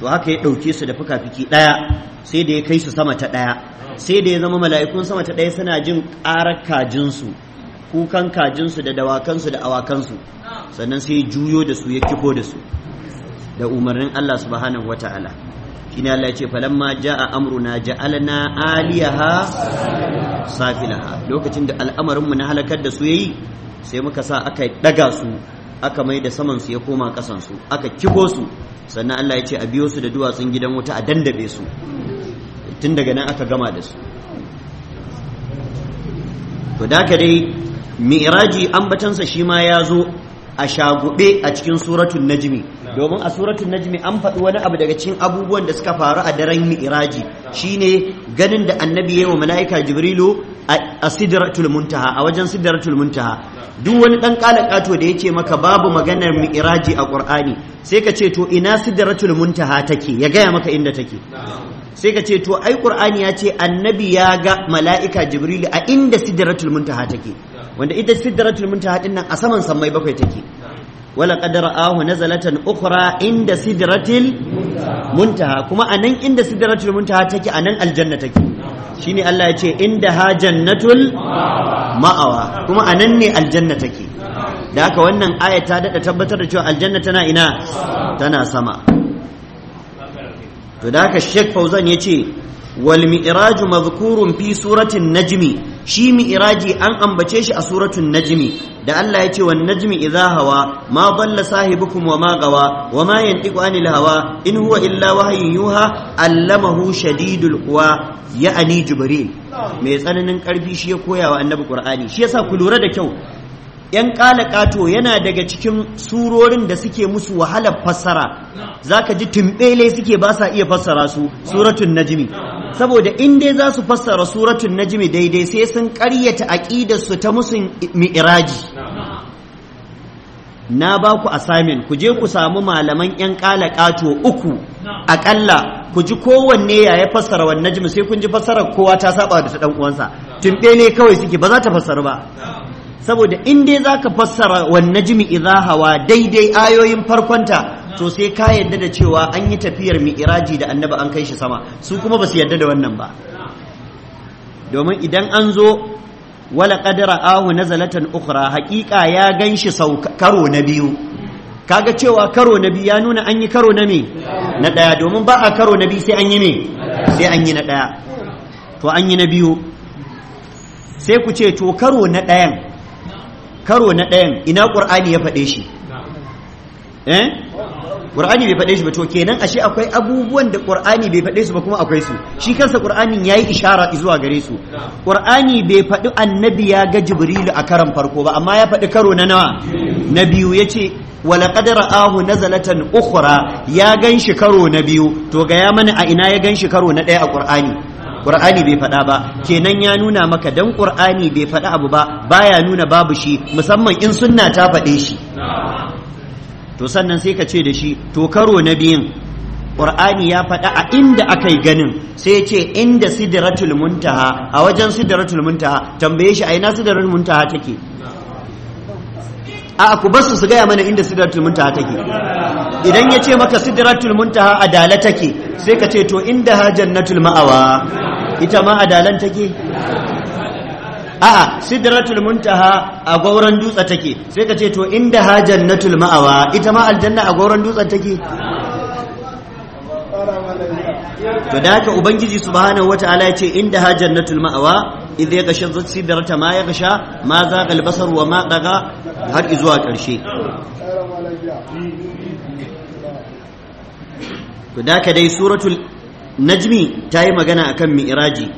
to haka ya ɗauke su da fuka-fiki ɗaya sai da ya kai su sama ta ɗaya sai da ya zama mala'ikun sama ta ɗaya suna jin ƙarar kajinsu kukan kajinsu da dawakansu da awakansu sannan sai juyo da su ya kifo da su da umarnin Allah subhanahu wata'ala shine Allah ya ce falamma jaa amruna ja'alna aliyaha safilaha lokacin da al'amarinmu na halakar da su yayi sai muka sa aka daga su aka mai da saman su ya koma kasan su aka kikosu. su sannan Allah ya ce a biyo su da duwatsun gidan wuta a dandabe su tun daga nan aka gama da su to da ka dai mi'raji ambatansa shi ma ya zo a shagube a cikin suratun najmi domin a suratun najmi an faɗi wani abu daga cikin abubuwan da suka faru a daren shi shine ganin da annabi ya yi wa mala'ika jibrilu a sidratul muntaha a wajen sidratul muntaha duk wani dan kalakato da yake maka babu maganar Mi'iraji a qur'ani sai ka ce to ina sidratul muntaha take ya gaya maka inda take sai ka ce to ai qur'ani ya ce annabi ya ga mala'ika jibrilu a inda sidratul muntaha take wanda ita sidratul muntaha dinnan a saman sammai bakwai take wala qad ra'ahu nazalatan ukhra inda sidratil muntaha kuma anan inda sidratul muntaha take anan aljanna take shine Allah ya ce inda ha jannatul ma'awa kuma anan ne aljanna take da haka wannan aya ta dada tabbatar da cewa aljanna tana ina tana sama to da haka Sheikh Fauzan ce wal mi'raju madhkurun fi suratin najmi shi mi'iraji an ambace shi a suratun najmi da Allah ya ce wa najmi iza hawa ma dalla sahibukum wa ma gawa wa ma yantiqu anil hawa in huwa illa wahyun yuha allamahu shadidul quwa ya'ani jibril mai tsananin karfi shi ya koya wa annabi qur'ani shi yasa ku lura da kyau yan kalakato yana daga cikin surorin da suke musu wahalar fassara zaka ji tumbele suke ba sa iya fassara su suratul najmi saboda in dai za su fassara suratun najmi daidai sai sun ƙaryata aqidar su ta musun mi'raji na ba ku assignment ku je ku samu malaman yan ƙato uku aƙalla ku ji kowanne ya ya fassara wannan najmi sai kun ji fassarar kowa ta saba da ta dan uwansa tumbe ne kawai suke ba za ta fassara ba saboda in dai za ka fassara wannan Najmi idza hawa daidai ayoyin farkonta to sai ka yadda da cewa an yi tafiyar mi'iraji da annaba an kai shi sama su kuma ba su yadda da wannan ba domin idan an zo wala qadara ahu zalatan ukura hakika ya ganshi karo na biyu kaga cewa karo na biyu ya nuna an yi karo na me na daya domin ba a karo na biyu sai an yi me sai an yi na daya to an yi na biyu sai ku ce to karo na dayan karo na dayan ina kur'ani ya faɗe shi eh qur'ani bai faɗe shi ba to kenan ashe akwai abubuwan da qur'ani bai faɗe su ba kuma akwai su shi kansa qur'anin yayi ishara zuwa gare su qur'ani bai faɗi annabi ya ga jibrilu a karan farko ba amma ya faɗi karo na nawa na biyu yace shi na na to ga ya mana a ina ya gan shi karo na ɗaya a Kur'ani Qur'ani bai faɗa ba kenan ya nuna maka dan Qur'ani bai faɗa abu ba baya nuna babu shi musamman in sunna ta faɗe shi to sannan sai ka ce da shi to karo na biyun ƙur'ani ya faɗa a inda aka yi ganin sai ce inda sidiratul muntaha a wajen sidiratul muntaha tambaye shi a ina sidiratul muntaha take a ku basu su gaya mana inda sidiratul muntaha take idan ya ce maka sidiratul muntaha adala take sai ka ce to inda ha jannatul ma'awa ita ma adalan take a'a sidratul muntaha a gauran dutse take sai ka ce to inda ha jannatul ma'awa ita ma aljanna a gauran dutse take to da haka ubangiji subhanahu wataala ya ce inda ha jannatul ma'awa idh yaghsha sidrata ma gasha ma za al-basar wa ma daga har zuwa karshe to da ka dai suratul najmi ta yi magana akan mi'raji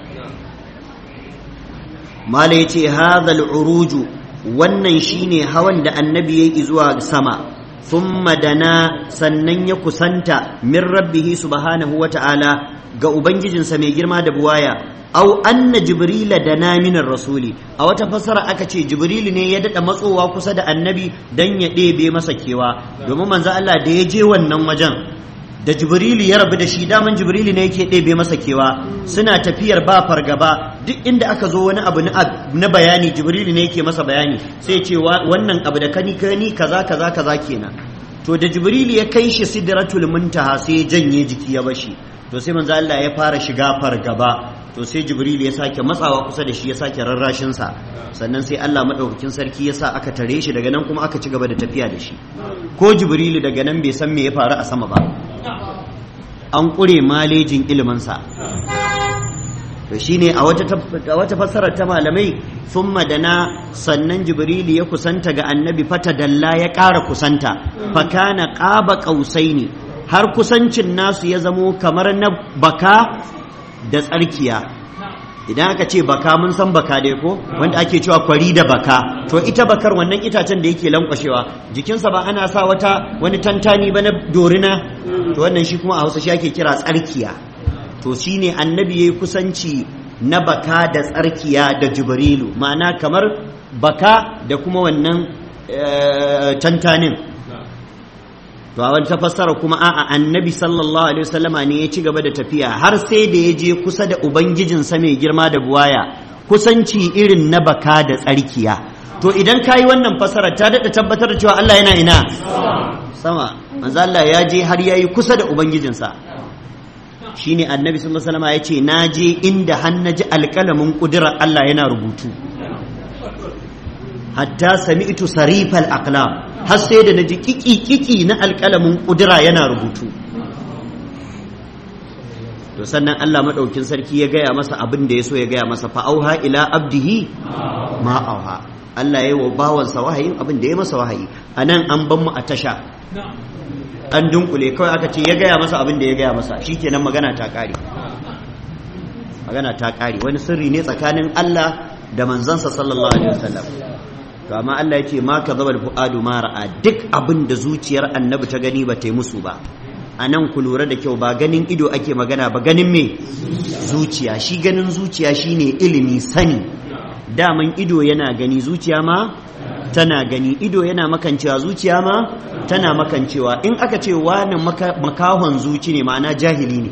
mala ya ce hazal uruju wannan shine hawan da annabi ya yi zuwa sama thumma dana sannan ya kusanta min rabbihi subhanahu wa ta'ala ga ubangijinsa mai girma da buwaya au anna jibrila dana minar rasuli a wata fassara aka ce jibrilu ne ya daɗa matsowa kusa da annabi don ya ɗebe masa kewa domin manzo Allah da ya je wannan wajen da jibrilu ya rabu da shi daman jibrilu ne yake ɗebe masa kewa suna tafiyar ba fargaba duk inda aka zo wani abu na bayani jibrilu ne yake masa bayani sai ce wannan abu da kani kani kaza kaza kaza kenan to da jibrilu ya kai shi sidratul muntaha sai ya janye jiki ya bashi to sai manzo Allah ya fara shiga fargaba to sai Jibrilu ya sake matsawa kusa da shi ya sake rarrashin sa sannan sai Allah madaukakin sarki ya sa aka tare shi daga nan kuma aka ci gaba da tafiya da shi ko Jibrilu daga nan bai san me ya faru a sama ba an ƙure malejin iliminsa to ne a wata fassarar ta malamai sun madana sannan jibrilu ya kusanta ga annabi fata dalla ya ƙara kusanta fakana ƙaba ne. har kusancin nasu ya zamo kamar na baka da tsarkiya idan aka ce baka mun san baka dai ko wanda ake cewa kwari da baka to ita bakar wannan itacen da yake lankwashewa jikinsa ba ana sa wata wani tantani ba na dorina to wannan shi kuma a hausa shi ake kira tsarkiya to shine annabi ya yi kusanci na baka da tsarkiya da jibrilu ma'ana kamar baka da kuma wannan eh, tantanin to a wata fassara kuma a'a annabi sallallahu alaihi wasallama ne ya ci gaba da tafiya har sai da ya je kusa da ubangijinsa mai girma da buwaya kusanci irin na baka da tsarkiya to idan kayi wannan fassara ta daɗa tabbatar da cewa Allah yana ina sama manzo Allah ya je har yayi kusa da ubangijinsa shine annabi sallallahu alaihi wasallama ya ce na je inda hannaji alqalamin ƙudurar Allah yana rubutu hatta sami'tu sarifal aqlam har sai da naji kiki kiki na alƙalamin ƙudura yana rubutu to sannan Allah maɗaukin sarki ya gaya masa abin da ya so ya gaya masa fa'auha ila abdihi ma'auha Allah ya yi wa bawansa wahayin abin da ya masa wahayi a nan an ban mu a tasha an dunkule kawai aka ce ya gaya masa abin da ya gaya masa shi kenan magana ta ƙare magana ta ƙare wani sirri ne tsakanin Allah da manzansa sallallahu alaihi wasallam to amma Allah ya ce ma ka al-fuadu ma ra'a duk abin da zuciyar annabi ta gani ba ta yi musu ba anan nan ku lura da kyau ba ganin ido ake magana ba ganin me zuciya shi ganin zuciya shine ilimi sani daman ido yana gani zuciya ma tana gani ido yana makancewa zuciya ma tana makancewa in aka ce wani makahon zuci ne ma'ana jahili ne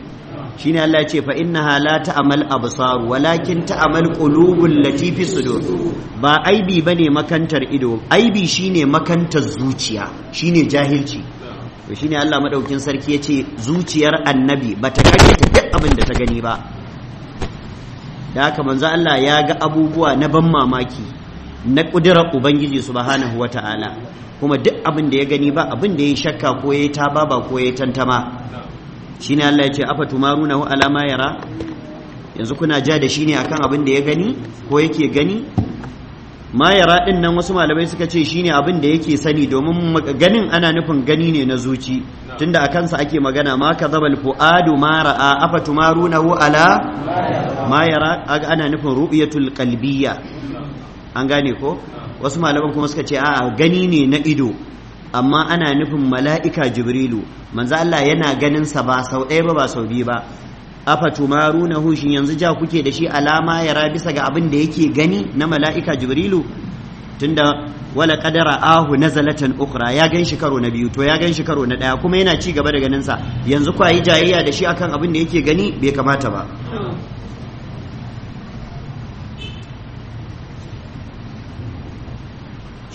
shine Allah ya ce fa innaha la ta'mal absar walakin ta'mal qulubul lati fi sudur ba aibi bane makantar ido aibi shine makantar zuciya shine jahilci to shine Allah madaukin sarki yace zuciyar annabi bata kake ta duk abin da ta gani ba da haka manzo Allah ya ga abubuwa na ban mamaki na kudira ubangiji subhanahu wata'ala kuma duk abin da ya gani ba abin da ya shakka ko ya taba ba ko ya tantama shine Allah ya ce afatumarunahu ala ma yara yanzu kuna ja da shi ne akan abin da ya gani ko yake gani ma yara din nan wasu malamai suka ce shine abin da yake sani domin ganin ana nufin gani ne na zuci tunda a kansa ake magana ma ka kazabal fuadu ma ra'a afatumarunahu ala ma yara ana nufin ru'yatul qalbiyya an gane ko wasu malaman kuma suka ce a'a gani ne na ido amma ana nufin mala'ika jibrilu manza Allah yana ganin sa ba sau ɗaya ba ba sau biyu ba afa na hushin yanzu ja kuke da shi alama yara bisa ga abin da yake gani na mala'ika jibrilu tunda wala kadara ahu na Zalatan ukhra ya gan shi karo na biyu to ya gan shi karo na daya kuma yana ci gaba da ganin sa yanzu kwayi yi jayayya da shi akan abin da yake gani bai kamata ba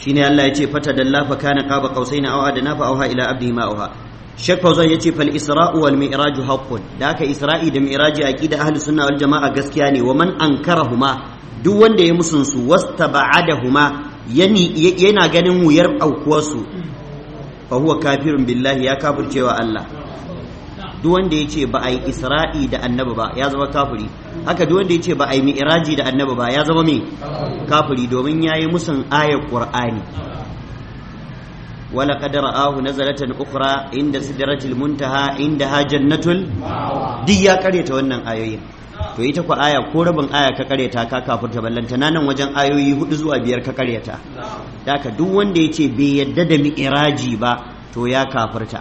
shine Allah ya ce fata dalla fa kana qaba qausaina aw adna fa awha ila abdi ma awha shekh Fauzan yace fal isra'u wal mi'raj haqqun da haka isra'i da mi'raji aqida ahli sunna wal jama'a gaskiya ne wa man ankarahuma duk wanda ya musun su wastaba'adahuma yani yana ganin wuyar aukuwar su fa huwa kafirun billahi ya kafircewa Allah duk wanda yace ba ai isra'i da annabi ba ya zama kafiri haka duk wanda yace ba yi mi'raji da annabi ba ya zama me kafiri domin yayi musun ayar qur'ani wala qadara na nazalatan ukhra inda sidratil muntaha inda ha jannatul duk ya kareta wannan ayoyin to ita ku aya ko rabin aya ka kareta ka kafirta ballanta nan wajen ayoyi hudu zuwa biyar ka kareta daka duk wanda yace bai yadda da mi'raji ba to ya kafirta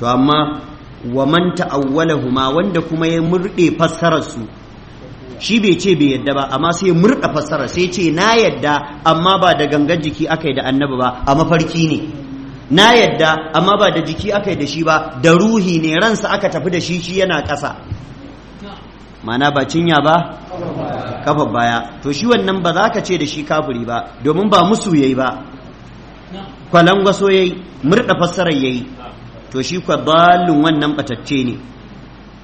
to amma wa man ta'awwalahuma wanda kuma ya murde fassarar su shi bai ce bai yadda ba amma sai murda fassara sai ce na yadda amma ba da gangan jiki aka yi da annabi ba a mafarki ne na yadda amma ba da jiki aka yi da shi ba da ruhi ne ransa aka tafi da shi shi yana ƙasa mana ba cinya ba kafa baya to shi wannan ba za ka ce da shi kafiri ba domin ba musu yayi ba kwalangwaso yayi murda fassarar yayi to shi kwa wannan batacce ne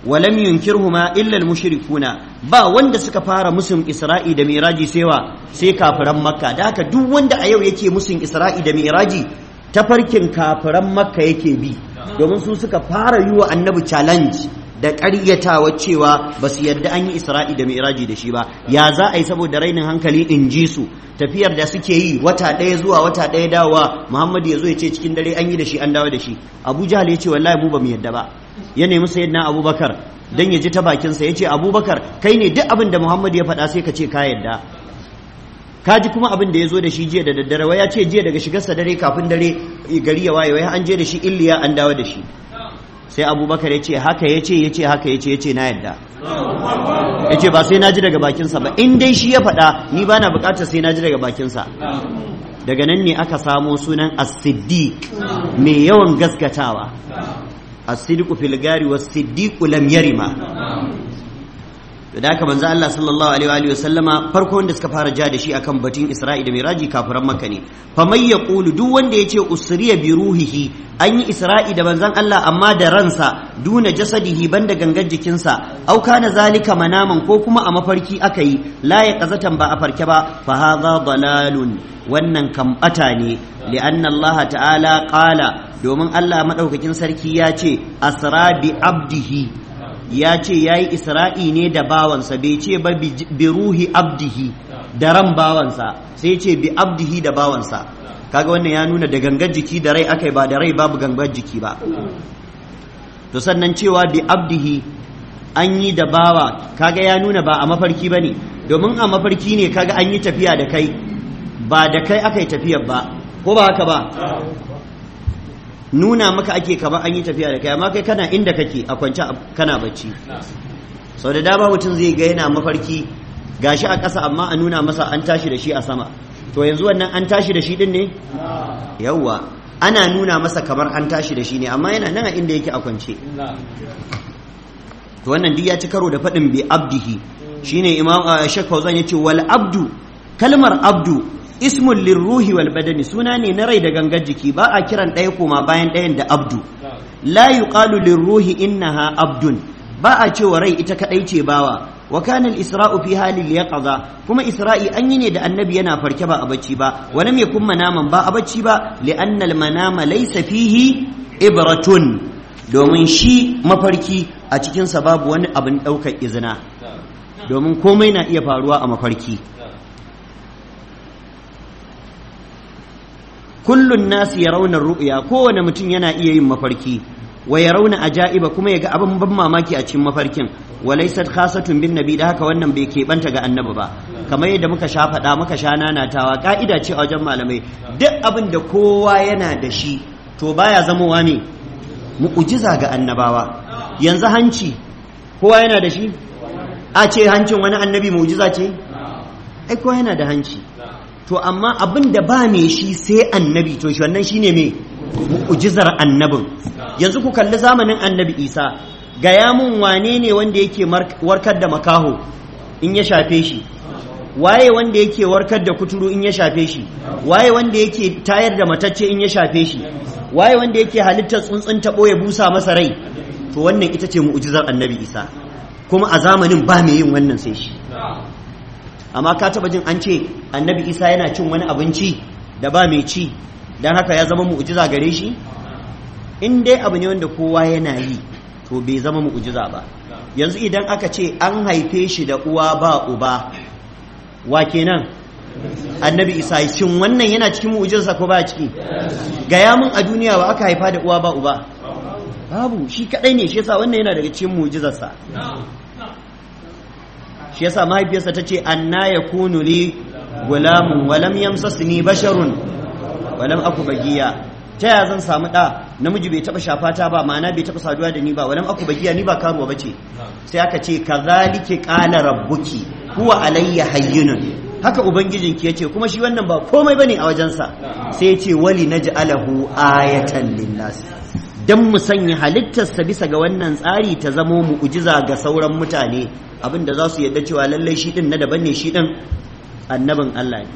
walam yunkirhuma illa al-mushrikuna ba wanda suka fara musun Isra'i da Miraji sewa sai kafiran Makka da haka duk wanda a yau yake musun Isra'i da Miraji tafarkin kafiran Makka yake bi domin su suka fara yi wa annabi challenge da ƙaryatawa cewa ba su yarda an yi Isra'i da Miraji da shi ba ya za a yi saboda rainin hankali in ji su tafiyar da suke yi wata ɗaya zuwa wata ɗaya dawowa Muhammad ya zo ya ce cikin dare an yi da shi an dawo da shi Abu Jahl ya ce wallahi mu ba mu yarda ba ya nemi sayyidina abubakar don yaji ta bakinsa ya ce abubakar kai ne duk abin da muhammad ya fada sai ka ce ka yadda ka ji kuma abin da ya zo da shi jiya da daddare wai ya ce jiya daga shigarsa dare kafin dare gari ya waye wai an je da shi illiya an dawo da shi sai abubakar ya ce haka ya ce ya ce haka ya ce ya ce na yadda ya ce ba sai na ji daga bakinsa ba in dai shi ya faɗa ni ba na buƙatar sai na ji daga bakinsa daga nan ne aka samo sunan as mai yawan gaskatawa as-sidqu fil gari was-siddiqu lam yarima to da haka manzo Allah sallallahu alaihi wa sallama farko wanda suka fara ja da shi akan batun Isra'i da Miraji kafiran Makka ne fa may yaqulu duk wanda yace usriya bi ruhihi an yi Isra'i da manzon Allah amma da ransa duna jasadihi banda gangar jikinsa au kana zalika manaman ko kuma a mafarki aka yi la ya ba a farke ba fa hadha dalalun wannan kan bata ne li'anna Allah ta'ala qala domin Allah maɗaukakin sarki ya ce asra bi abdihi ya ce ya yi isra'i ne da bawansa bai ce ba bi ruhi abdihi da ran bawansa sai ce bi abdihi da bawansa kaga wannan ya nuna da gangar jiki da rai akai ba da rai babu gangar jiki ba to sannan cewa bi abdihi an yi da bawa kaga ya nuna ba a mafarki ba ne domin a mafarki ne kaga an yi tafiya da kai ba da kai aka yi tafiyar ba ko ba haka ba nuna maka ake kama an yi tafiya da kai amma kai kana inda kake a kwance kana bacci sau da dama mutum zai ga yana mafarki gashi a ƙasa amma a nuna masa an tashi da shi a sama to yanzu wannan an tashi da shi din ne yawwa ana nuna masa kamar an tashi da shi ne amma yana nan a inda yake a kwance to wannan duk ya ci karo da faɗin bi abdihi shine imam zan eh, fauzan ce wal abdu kalmar abdu ismun lirruhi wal badani suna ne na rai da gangar jiki ba a kiran ɗaya koma bayan ɗayan da abdu la yuqalu lirruhi innaha abdun ba a cewa rai ita kadai ce bawa wa kana israu fi hali liyaqza kuma isra'i an yi ne da annabi yana farke ba a bacci ba wa lam yakun manaman ba a bacci ba li'anna al-manama laysa fihi ibratun domin shi mafarki a cikinsa babu wani abin ɗaukar izina domin komai na iya faruwa a mafarki kullun ya raunar ru'ya kowane mutum yana iya yin mafarki wa ya rauna ajaiba kuma ya ga abin ban mamaki a cikin mafarkin walaysat khasatun bin nabi da haka wannan bai keɓanta ga annabi ba kamar yadda muka sha faɗa muka sha nanatawa ƙa'ida ce a wajen malamai duk abin da kowa yana da shi to baya zamowa ne mu'ujiza ga annabawa yanzu hanci kowa yana da shi a ce hancin wani annabi mu'ujiza ce ai kowa yana da hanci to amma abin da ba mai shi sai annabi to shi wannan shine me ujizar annabin yanzu ku kalli zamanin annabi isa gaya mun wane ne wanda yake warkar da makaho in ya shafe shi waye wanda yake warkar da kuturu in ya shafe shi waye wanda yake tayar da matacce in ya shafe shi waye wanda yake halittar tsuntsun taɓo ya busa masa rai to wannan ita ce mu'ujizar annabi isa kuma a zamanin ba mai yin wannan sai shi amma ka taba jin an ce annabi isa yana cin wani abinci da ba mai ci don haka ya zama mu'ujiza gare shi in dai abu ne wanda kowa yana yi to bai zama mu'ujiza ba yanzu idan aka ce an haife shi da uwa ba uba wa kenan annabi isa cin wannan yana cikin mu'ujizarsa ko ba ciki gaya mun a duniya ba aka haifa da uwa ba uba babu shi kadai ne shi yasa wannan yana daga cikin mu'ujizarsa shi yasa mahaifiyarsa ta ce anna yakunu li gulamun walam yamsasni basharun walam aku bagiya ta ya zan samu ɗa namiji bai taɓa shafata ba ma'ana bai taɓa saduwa da ni ba walam aku bagiya ni ba karuwa bace sai aka ce kazalike qala rabbuki huwa alayya hayyinun haka ubangijin ki yace kuma shi wannan ba komai bane a wajensa sai yace wali naj'alahu ayatan linnas Idan mu sanya halittarsa bisa ga wannan tsari ta zamo mu'ujiza ga sauran mutane abin da za su yadda cewa lallai shi din na daban ne shi din, annabin Allah ne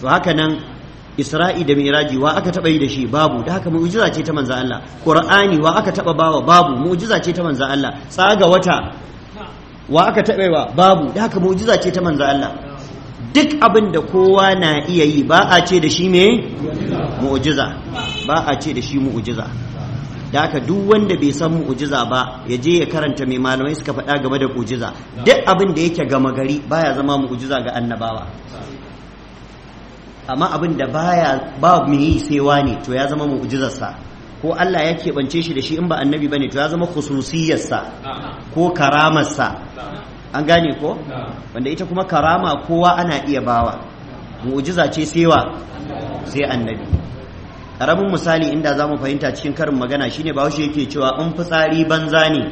to haka nan isra'i da miraji wa aka taɓa yi da shi babu da haka mu'ujiza ce ta manzo Allah ƙur'ani wa aka taɓa bawa babu mu'ujiza ce ta manzo Allah tsaga wata wa aka yi wa babu da haka mu'ujiza ce ta manzo Allah duk abin da kowa na iya yi ba a ce da shi me mu'ujiza ba a ce da shi mu'ujiza da aka duk wanda bai san mu'ujiza ba ya je ya karanta mai malamai suka faɗa game da mu'ujiza duk abin da yake gama gari baya zama mu'ujiza ga annabawa amma abin da baya ba mu yi sai ne to ya zama mu'ujizarsa ko Allah ya keɓance shi da shi in ba annabi bane to ya zama khususiyarsa ko karamarsa an gane ko wanda ita kuma karama kowa ana iya bawa mu'jiza ce sewa sai annabi karamin misali inda za mu fahimta cikin karin magana shine ba shi yake cewa in fitsari banza ne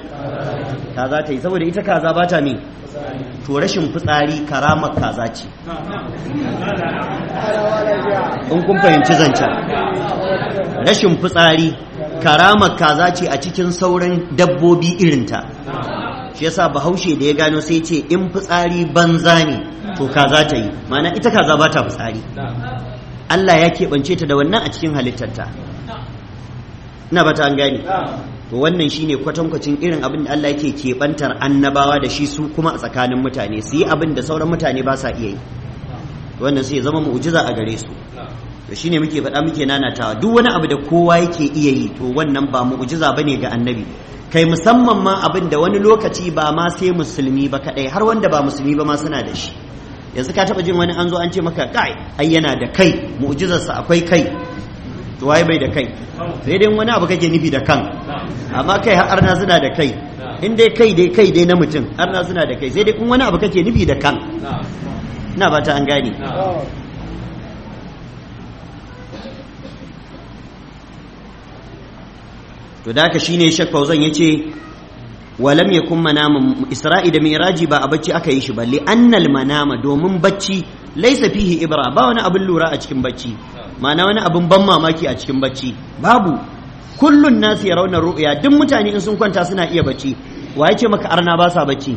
kaza ta yi saboda ita kaza ba ta ne to rashin fitsari karamar kaza ce in kun fahimci zancen rashin fitsari karamar kaza ce a cikin sauran dabbobi irinta shi yasa bahaushe da ya gano sai ce in fitsari banza ne to kaza ta yi mana ita kaza ba ta fitsari Allah ya keɓance ta da wannan a cikin halittarta ina ba ta an gane to wannan shine kwatankwacin irin abin da Allah yake keɓantar annabawa da shi su kuma a tsakanin mutane su yi abin da sauran mutane ba sa iya yi wannan sai ya zama mu'jiza a gare su to shine muke faɗa muke nanatawa duk wani abu da kowa yake iya yi to wannan ba ba ne ga annabi kai musamman ma abin da wani lokaci ba ma sai musulmi ba kadai har wanda ba musulmi ba ma suna da shi yanzu ka taba jin wani an zo an ce maka kai ai yana da kai mu'jizarsa akwai kai to wai bai da kai sai dai wani abu kake nufi da kan amma kai har arna suna da kai in dai kai dai kai dai na mutum arna suna da kai sai dai in wani abu kake nufi da kan ina ba ta an gane to da haka shine shek fauzan yace walam yakun manamun isra'i da miraji ba a bacci aka yi shi balle annal manama domin bacci laisa fihi ibra ba wani abin lura a cikin bacci ma'ana wani abin ban mamaki a cikin bacci babu kullun nasu ya raunar ru'ya duk mutane in sun kwanta suna iya bacci wa yace maka arna ba sa bacci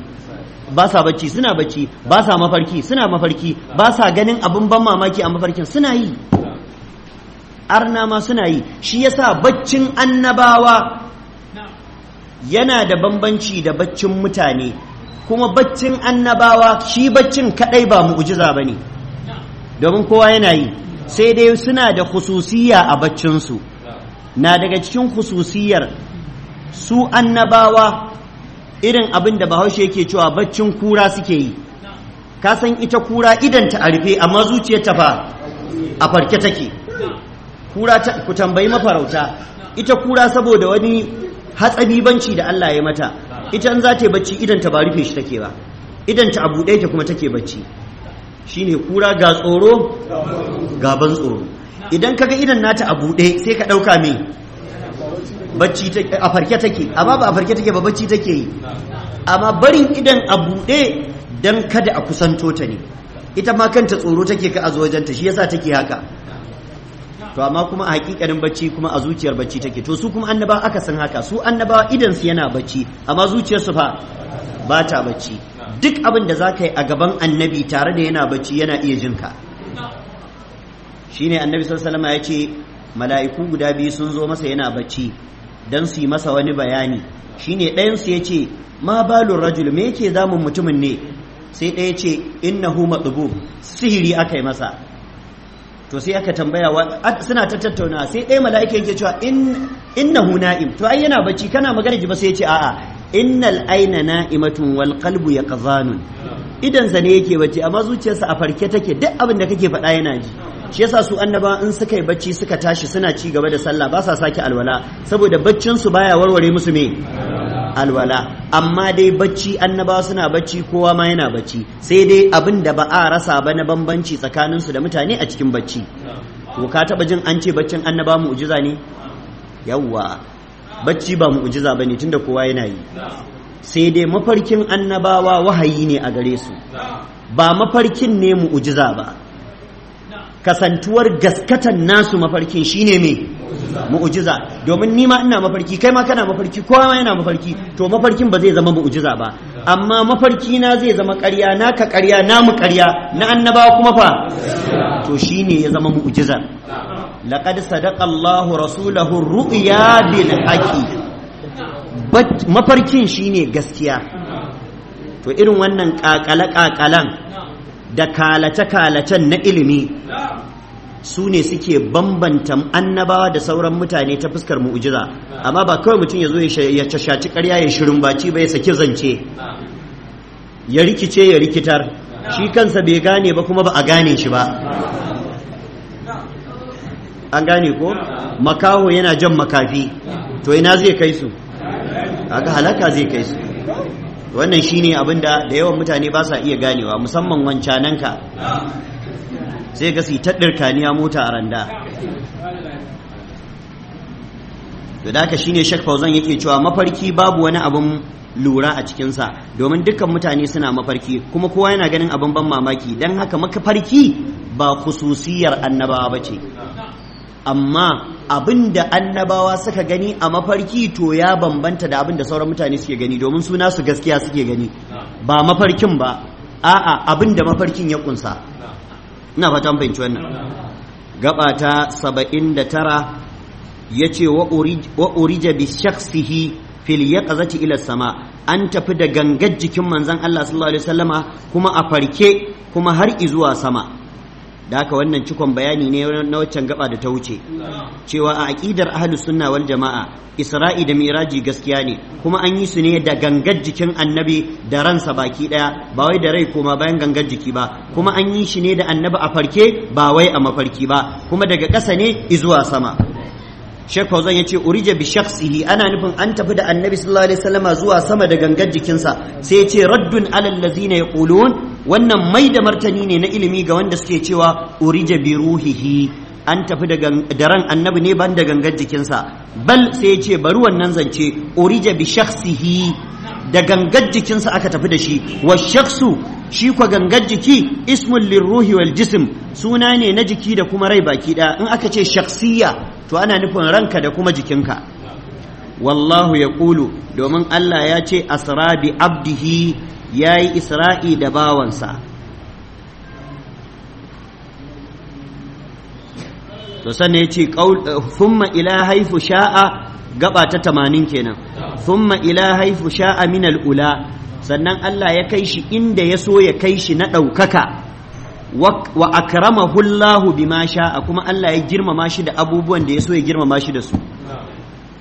ba sa bacci suna bacci ba sa mafarki suna mafarki ba sa ganin abin ban mamaki a mafarkin suna yi arna ma suna yi shi yasa baccin annabawa yana da bambanci da baccin mutane kuma baccin annabawa shi baccin kadai ba mu'jiza bane domin kowa yana yi sai dai suna da kususiya a baccinsu na daga cikin khususiyar su annabawa irin abin da bahaushe yake cewa baccin kura suke yi kasan ita kura idanta a rufe amma zuciyarta fa a farke take kura ta ku tambayi mafarauta ita kura saboda wani banci da Allah ya mata ita an za ta bacci idan ta ba rufe shi take ba idan ta abu dai ta kuma take bacci shine kura ga tsoro gaban tsoro idan kaga idan nata abu dai sai ka ɗauka me bacci a farke take amma ba a farke take ba bacci take yi amma barin idan a buɗe dan kada a kusanto ta ne ita ma kanta tsoro take ka a wajenta shi yasa take haka to amma kuma a hakikarin bacci kuma a zuciyar bacci take to su kuma annaba aka san haka su annabawa idan su yana bacci amma zuciyar su fa ba ta bacci duk abin da zaka yi a gaban annabi tare da yana bacci yana iya jin ka shine annabi sallallahu alaihi ya ce mala'iku guda biyu sun zo masa yana bacci dan su yi masa wani bayani shine ɗayan su ya ce ma balur rajul me yake zamun mutumin ne sai ɗaya ce innahu maɗubu sihiri aka yi masa to sai aka tambaya wa suna ta tattauna sai ɗaya mala'ika yake cewa in innahu na'im to ai yana bacci kana magana ji ba sai ya ce a'a innal aina na'imatun wal qalbu yaqzanun idan sa ne yake bacci amma zuciyarsa a farke take duk abin da kake faɗa yana ji shi yasa su annaba in suka yi bacci suka tashi suna ci gaba da sallah ba sa sake alwala saboda baccin su baya warware musu me alwala amma dai bacci annabawa suna bacci kowa ma yana bacci sai dai abin da ba a rasa ba na bambanci tsakaninsu da mutane a cikin bacci to ka taba jin an ce baccin annaba mu'jiza ne yawwa bacci ba mu'jiza bane tunda kowa yana yi sai dai mafarkin annabawa wahayi ne a gare su ba mafarkin ne mu'jiza ba kasantuwar gaskatan nasu mafarkin shine me mu'jiza domin ni ina mafarki kai ma kana mafarki kowa ma yana mafarki to mafarkin ba zai zama mu'jiza ba amma mafarki na zai zama ƙarya karya ƙarya mu ƙarya na annabawa kuma fa to shine ya zama mu'jiza laqad sadaqa Allahu rasulahu ru'ya bil haqi mafarkin shine gaskiya to irin wannan kakale kakalan da kalace-kalacen na ilimi su ne suke bambanta annabawa da sauran mutane ta fuskar mu'ujiza amma ba kawai mutum ya zo ya cashaci karya ya shirin baci ba ya saki zance ya rikice ya rikitar shi kansa bai gane ba kuma ba a gane shi ba an gane ko makaho yana jan makafi to ina zai kai su Haka halaka zai kai su wannan shine abin da da yawan mutane ba sa iya ganewa musamman wancananka sai ga su ta dirkaniya mota a randa to da haka shine Sheikh Fauzan yake cewa mafarki babu wani abin lura a cikinsa domin dukkan mutane suna mafarki kuma kowa yana ganin abin ban mamaki don haka mafarki ba khususiyar annabawa ba ce amma abin da annabawa suka gani a mafarki to ya bambanta da abin da sauran mutane suke gani domin suna su gaskiya suke gani ba mafarkin ba a'a abin da mafarkin ya kunsa ina fatan fahimci wannan gaba ta 79 yace ce wa urija bi shakhsihi fil yaqzati ila sama an tafi da gangar jikin manzon Allah sallallahu alaihi wasallama kuma a farke kuma har izuwa sama da haka wannan cikon bayani ne na waccan gaba da ta wuce cewa a aƙidar ahlus sunna wal jama'a isra'i da miraji gaskiya ne kuma an yi su ne da gangar jikin annabi da ransa baki ɗaya, ba wai da rai koma bayan gangar jiki ba kuma an yi shi ne da annabi a farke ba wai a mafarki ba kuma daga ƙasa ne izuwa sama Sheikh Fauzan yace urija bi shakhsihi ana nufin an tafi da Annabi sallallahu alaihi wasallama zuwa sama da gangar jikinsa sai yace raddun alal ladzina yaqulun wannan mai da martani ne na ilimi ga wanda suke cewa urija bi ruhihi an tafi da ran annabi ne ban da gangar jikinsa bal sai yace bari wannan zance urija bi shakhsihi da gangar jikinsa aka tafi da shi wa shaksu shi kwa gangar jiki ismun lirruhi wal jisim suna ne na jiki da kuma rai baki ɗaya in aka ce shaksiya to ana nufin ranka da kuma jikinka wallahu ya ƙulu. domin allah ya ce asra bi abdihi ya yi isra'i da bawansa to sannan ya ce thumma ila haifu sha'a gaba ta tamanin kenan thumma ila haifu sha'a min ula sannan Allah ya kai shi inda ya so ya kai shi na ɗaukaka wa akramahu Hullahu bima sha'a kuma Allah ya girmama shi da abubuwan da ya so ya girmama shi da su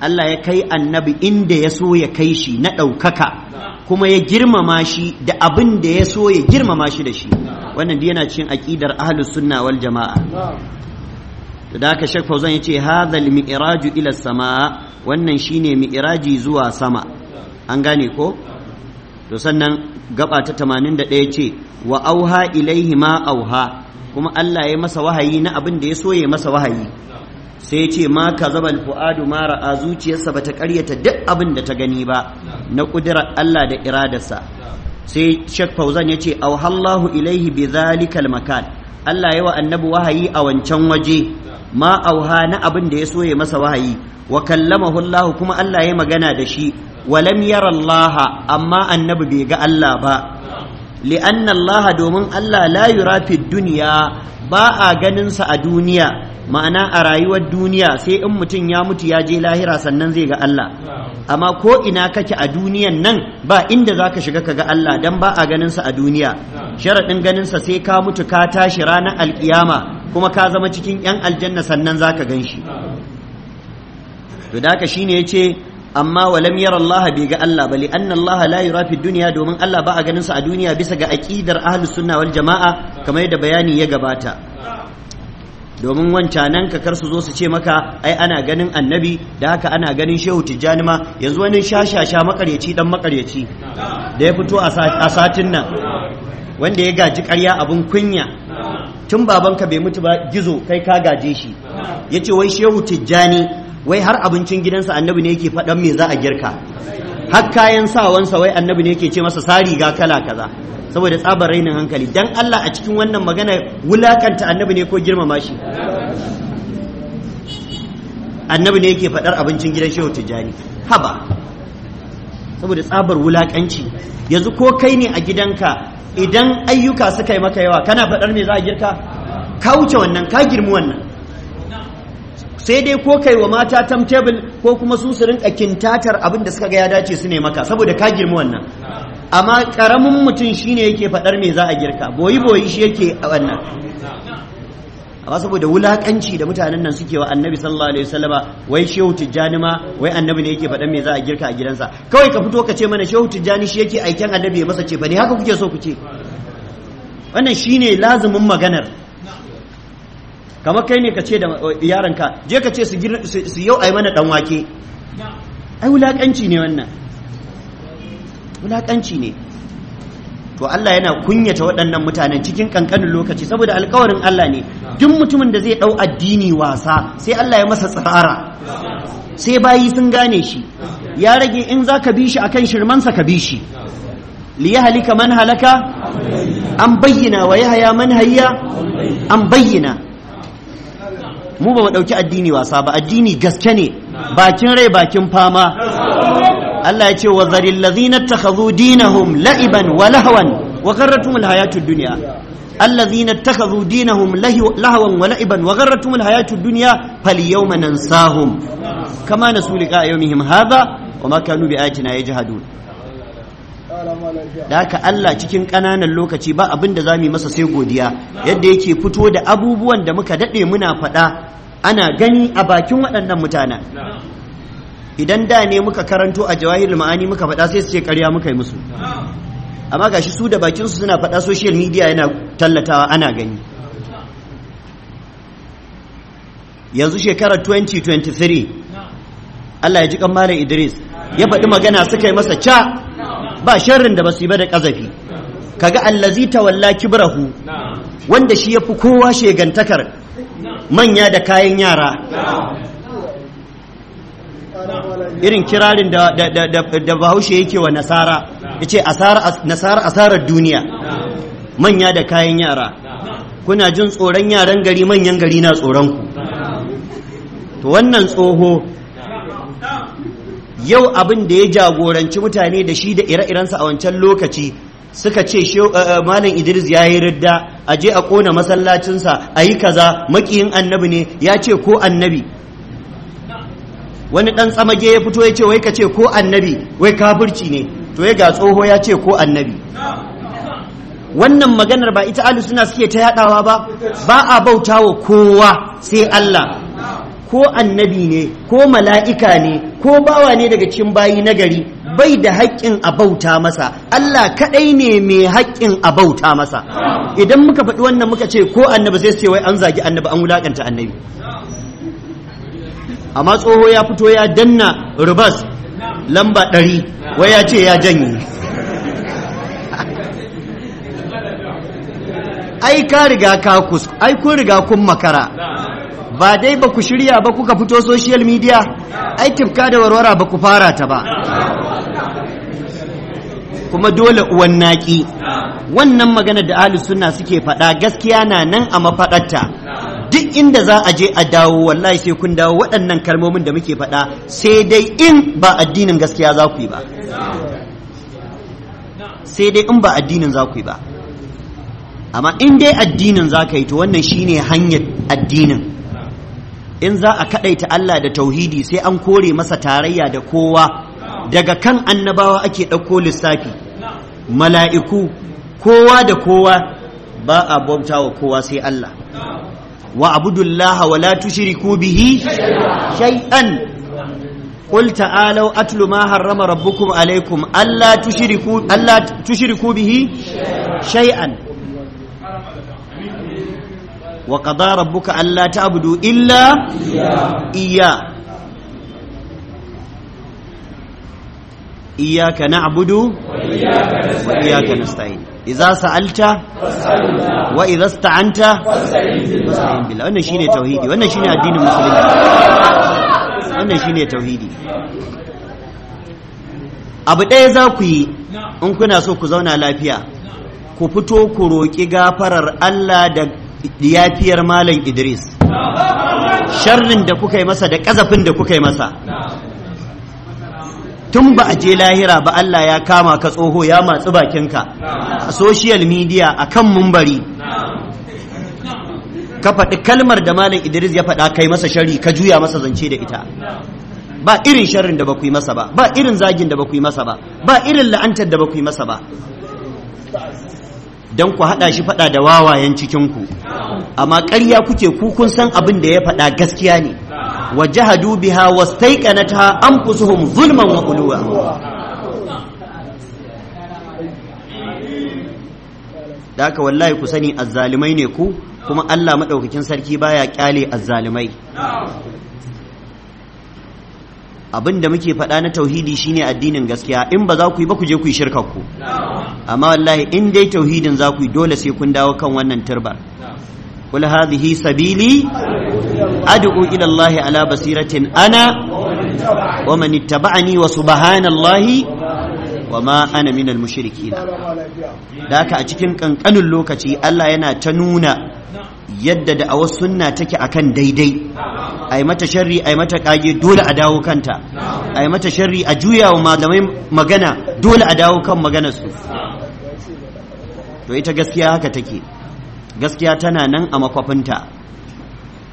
Allah ya kai annabi inda ya so ya kai shi na ɗaukaka kuma ya girmama shi da abin da ya so ya girmama shi da shi wannan yana cin aƙidar ahlus sunna wal jama'a to da ka shek fauzan yace ce, al mi'raju ila sama wannan shine mi'raji zuwa sama an gane ko to sannan gaba ta 81 ce wa auha ilaihi ma auha kuma Allah ya masa wahayi na abin da ya so masa wahayi sai ce ma ka zabal fu'adu ma ra'a zuciyarsa bata karyata duk abin da ta gani ba na kudirar Allah da iradarsa sai shek Fauzan ya ce auhallahu ilaihi bi zalikal makan Allah ya wa annabi wahayi a wancan waje ma auha na abin da ya so ya masa wahayi wa kallamahu Allah kuma Allah ya magana da shi wa lam yara Allah amma annabi bai ga Allah ba anna Allah domin Allah la yura fi duniya ba a ganin sa a duniya ma'ana a rayuwar duniya sai in mutum ya mutu ya je lahira sannan zai ga Allah amma ko ina kake a duniyan nan ba inda zaka shiga ka ga Allah dan ba a ganin sa a duniya sharaɗin ganinsa sai ka mutu ka tashi ranar alƙiyama kuma ka zama cikin 'yan aljanna sannan za ka gan shi to da shine ya ce amma walam yara Allah bai ga Allah ba li'anna Allah la yi rafi duniya domin Allah ba a ganin sa a duniya bisa ga aƙidar ahlus sunna wal jama'a kamar da bayani ya gabata domin nan ka kar su zo su ce maka ai ana ganin annabi da haka ana ganin shehu tijjani ma yanzu wani shashasha makaryaci dan makaryaci da ya fito a satin nan wanda ya gaji karya abin kunya tun babanka bai mutu ba gizo kai ka gaje shi ya ce wai shehu tijjani wai har abincin gidansa annabi ne yake faɗan me za a girka har kayan sawansa wai annabi ne yake ce masa sa riga kala kaza saboda tsabar rainin hankali dan Allah a cikin wannan magana wulakanta annabi ne ko girmama shi annabi ne yake faɗar abincin gidan shehu tijjani haba saboda tsabar wulakanci yanzu ko kai ne a gidanka idan ayyuka suka yi maka yawa kana faɗar me za a girka ka wuce wannan ka girmi wannan sai dai ko kai wa mata tam tebul ko kuma su su rinka kintatar abin da suka ga ya dace su ne maka saboda ka girmi wannan amma karamin mutum shine yake faɗar me za a girka boyi boyi shi yake wannan amma saboda wulakanci da mutanen nan suke wa annabi sallallahu alaihi wasallama wai shehu tijjani ma wai annabi ne yake faɗan me za a girka a gidansa kawai ka fito ka ce mana shehu tijjani shi yake aiken annabi ya masa ce bane haka kuke so ku ce wannan shine lazumin maganar kamar kai ne ka ce da eh, yaranka je ka ce su yau ai mana dan wake ai wulakanci ne wannan wulakanci ne to Allah yana kunyata waɗannan mutanen cikin kankanin lokaci saboda alkawarin Allah ne duk mutumin da zai ɗau addini wasa sai Allah ya masa tsara sai bayi sun gane shi ya rage in za ka bi shi akan shirmansa ka bi shi liyahalika man halaka an bayyana wa yahaya man hayya an bayyana mu ba mu ɗauki addini wasa ba addini gaske ne bakin rai bakin fama Allah ya ce wa zaril ta takhadhu dinahum la'iban wa lahwan wa gharratuhum alhayatud dunya alladhina takhadhu dinahum lahwan wa la'iban wa gharratuhum alhayatud dunya falyawma nansahum kama nasu liqa yawmihim hadha wa ma kanu biayatina yajhadun da haka Allah cikin ƙananan lokaci ba abin da za mu yi masa sai godiya yadda yake fito da abubuwan da muka daɗe muna faɗa ana gani a bakin waɗannan mutanen idan da ne muka karanto a jawahirul ma'ani muka faɗa sai su ce ƙarya muka yi musu amma gashi su da bakin su suna faɗa social media yana tallatawa ana gani yanzu shekarar 2023 Allah ya ji kan Malam Idris ya faɗi magana suka yi masa ca ba sharrin da basu yi ba da ƙazafi kaga allazi tawalla kibrahu wanda shi yafi kowa shegantakar manya da kayan yara irin kirarin da da bahaushe yake wa nasara yace asara nasara asarar duniya manya da kayan yara kuna jin tsoron yaran gari manyan gari na tsoron ku to wannan tsoho yau abin da ya jagoranci mutane da shi da ire-irensa a wancan lokaci suka ce eh, eh, malam idris ya yi ridda a je a kona masallacinsa a yi kaza makiyin annabi ne ya ce ko annabi wani ɗan tsamage ya fito ya ce wai ka ce ko annabi wai kafirci ne to ya ga tsoho ya ce ko annabi wannan maganar ba ita ahlus suna suke ta yadawa ba ba a bauta wa kowa sai Allah ko annabi ne ko mala'ika ne ko bawa ne daga cikin bayi nagari bai da haƙƙin a bauta masa Allah kaɗai ne mai haƙƙin a bauta masa idan muka faɗi wannan muka ce ko annabi sai ce wai an zagi annabi an wulaƙanta annabi amma tsoho ya fito ya danna rubas lamba ɗari wai ya ce ya janye <laughs> ai ka riga ka kus ai kun riga kun makara ba dai ba ku shirya ba kuka fito social media ai tifka da warwara ba ku fara ta ba kuma dole uwan naki wannan magana da ahli sunna suke faɗa gaskiya na nan a mafaɗarta duk inda za a je a dawo wallahi sai kun dawo waɗannan kalmomin da muke faɗa sai dai in ba addinin gaskiya za ku yi ba sai dai in ba addinin za ku yi ba amma in dai addinin za ka yi to wannan shine hanyar addinin in za a kaɗaita Allah da tauhidi sai an kore masa tarayya da kowa daga kan annabawa ake ɗauko lissafi mala'iku kowa da kowa ba a bauta wa kowa sai Allah wa abudullaha wa la tushriku bihi shay'an قل تعالوا أتل ما حرم ربكم عليكم ألا تشركوا, ألا تشركوا به شيئا وقضى ربك ألا تعبدوا إلا إياه Iyaka na Abudu wa iyaka na nasta'in Iza sa'alta wa idza ista'anta fasta'in bila wannan shi ne tauhidi wannan shi ne addinin Musulmi wannan shi ne tauhidi abu ɗaya za ku yi in kuna so ku zauna lafiya ku fito ku roƙi gafarar Allah da yafiyar Malam Idris sharrin da kuka yi masa da ƙazafin da kuka yi masa tun ba a je lahira ba Allah ya kama ka tsoho ya matsi bakinka a social media a kan mumbari ka faɗi kalmar da malam idris ya faɗa kai masa shari ka juya masa zance da ita ba irin sharrin da ba ku yi masa ba ba irin zagin da ba ku yi masa ba ba irin la'antar da ba ku yi masa ba don ku haɗa shi faɗa da wawayen cikinku amma ƙarya kuke ku kun san abin da ya faɗa gaskiya ne wa jahadu biha wastaiqanatha anfusuhum zulman wa uluwa da haka wallahi ku sani azzalimai ne ku kuma Allah madaukakin sarki baya kyale azzalimai abin da muke faɗa na tauhidi shine addinin gaskiya in ba za ku yi ba ku je ku yi shirka ku amma wallahi in dai tauhidin za ku yi dole sai kun dawo kan wannan turbar kul hadhihi sabili ad'u ilallahi ala basiratin ana wa man ittaba'ani wa subhanallahi wa ma ana minal mushrikin da haka a cikin kankanin lokaci Allah yana ta nuna yadda da awa sunna take akan daidai ai mata sharri ai mata kage dole a dawo kanta ai mata sharri a juya wa malamai magana dole a dawo kan maganar su to ita gaskiya haka take gaskiya tana nan a makwafinta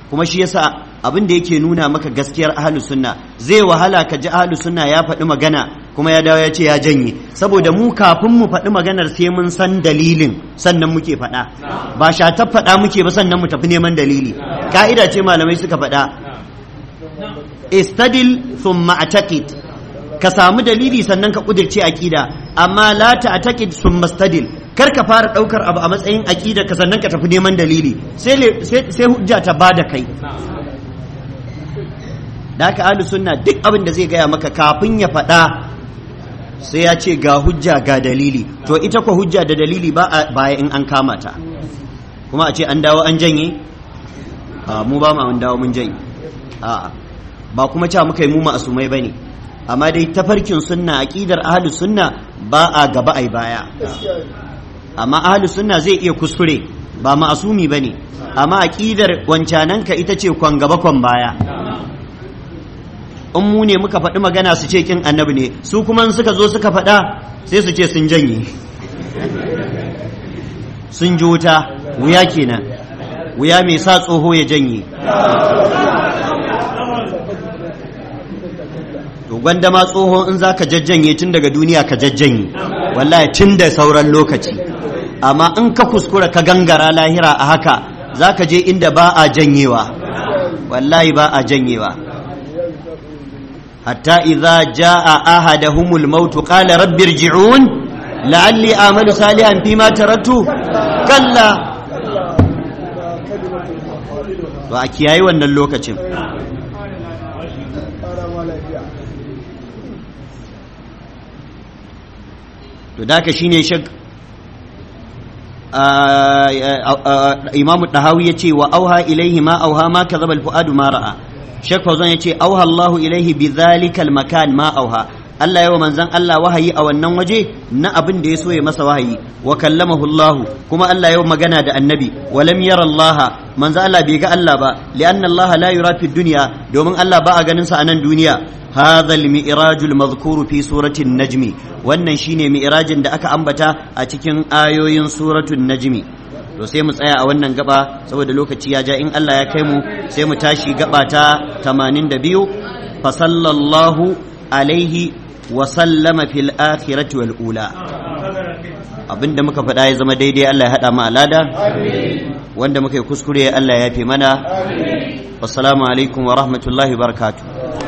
kuma shi yasa abin da yake nuna maka gaskiyar ahlus sunna zai wahala ka ji ahlus sunna ya faɗi magana kuma ya dawo ya ce ya janye saboda mu kafin mu faɗi maganar sai mun san dalilin sannan muke faɗa ba sha ta faɗa muke ba sannan mu tafi neman dalili ka'ida ce malamai suka faɗa istadil thumma ataqid ka samu dalili sannan ka kudirce aqida amma la ataqid thumma istadil kar ka fara daukar abu a matsayin aqida ka sannan ka tafi neman dalili sai sai hujja ta bada kai da haka ahlu sunna duk abin da zai gaya maka kafin ya faɗa sai ya ce ga hujja ga dalili to ita ko hujja da dalili ba a baya in an kama ta kuma a ce an dawo an janye mu ba mu an dawo mun janye ba kuma cewa muka yi mu ma'asumai bane amma dai tafarkin sunna aqidar ahlus sunna ba a gaba ai baya amma ahli sunna zai iya kuskure ba ma'asumi bane amma aqidar wancananka ita ce kwan gaba kwan baya in mu ne muka faɗi magana su ce kin annabi ne su kuma suka zo suka faɗa sai su ce sun janye sun ji wuta wuya kenan wuya mai sa tsoho ya janye gwanda ma tsoho in za ka jajjanye tun daga duniya ka jajjanye wallahi tun da sauran lokaci amma in ka kuskura ka gangara lahira a haka za ka je inda ba a janyewa wallahi ba a janyewa hatta idza jaa ahadahumul maut qala rabbi irji'un la'alli a'malu salihan fima tarattu kalla to a kiyaye wannan lokacin to da ka shine shek imamu tahawi ya ce wa auha ilaihi ma auha ma kazaba alfuadu ma ra'a shek fauzan ya ce auha allahu ilaihi bi zalikal makan ma auha Allah yawa manzan Allah wahayi a wannan waje na abin da ya so ya masa wahayi wa kallamahu kuma Allah yawa magana da annabi wa lam yara Allah manzan Allah bai ga Allah ba li'anna Allah la yura fi dunya domin Allah ba a ganin sa a nan duniya هذا المئراج المذكور في سورة النجم wannan shine mi'rajin da aka ambata a cikin ayoyin suratul najmi to sai mu tsaya a wannan gaba saboda lokaci ya ja in Allah ya kai mu sai mu tashi gaba ta 82 fa sallallahu alaihi wa sallama fil akhirati wal ula abinda muka faɗa ya zama daidai Allah ya haɗa mu alada wanda muka yi kuskure Allah ya fi mana wassalamu alaikum wa rahmatullahi barakatuh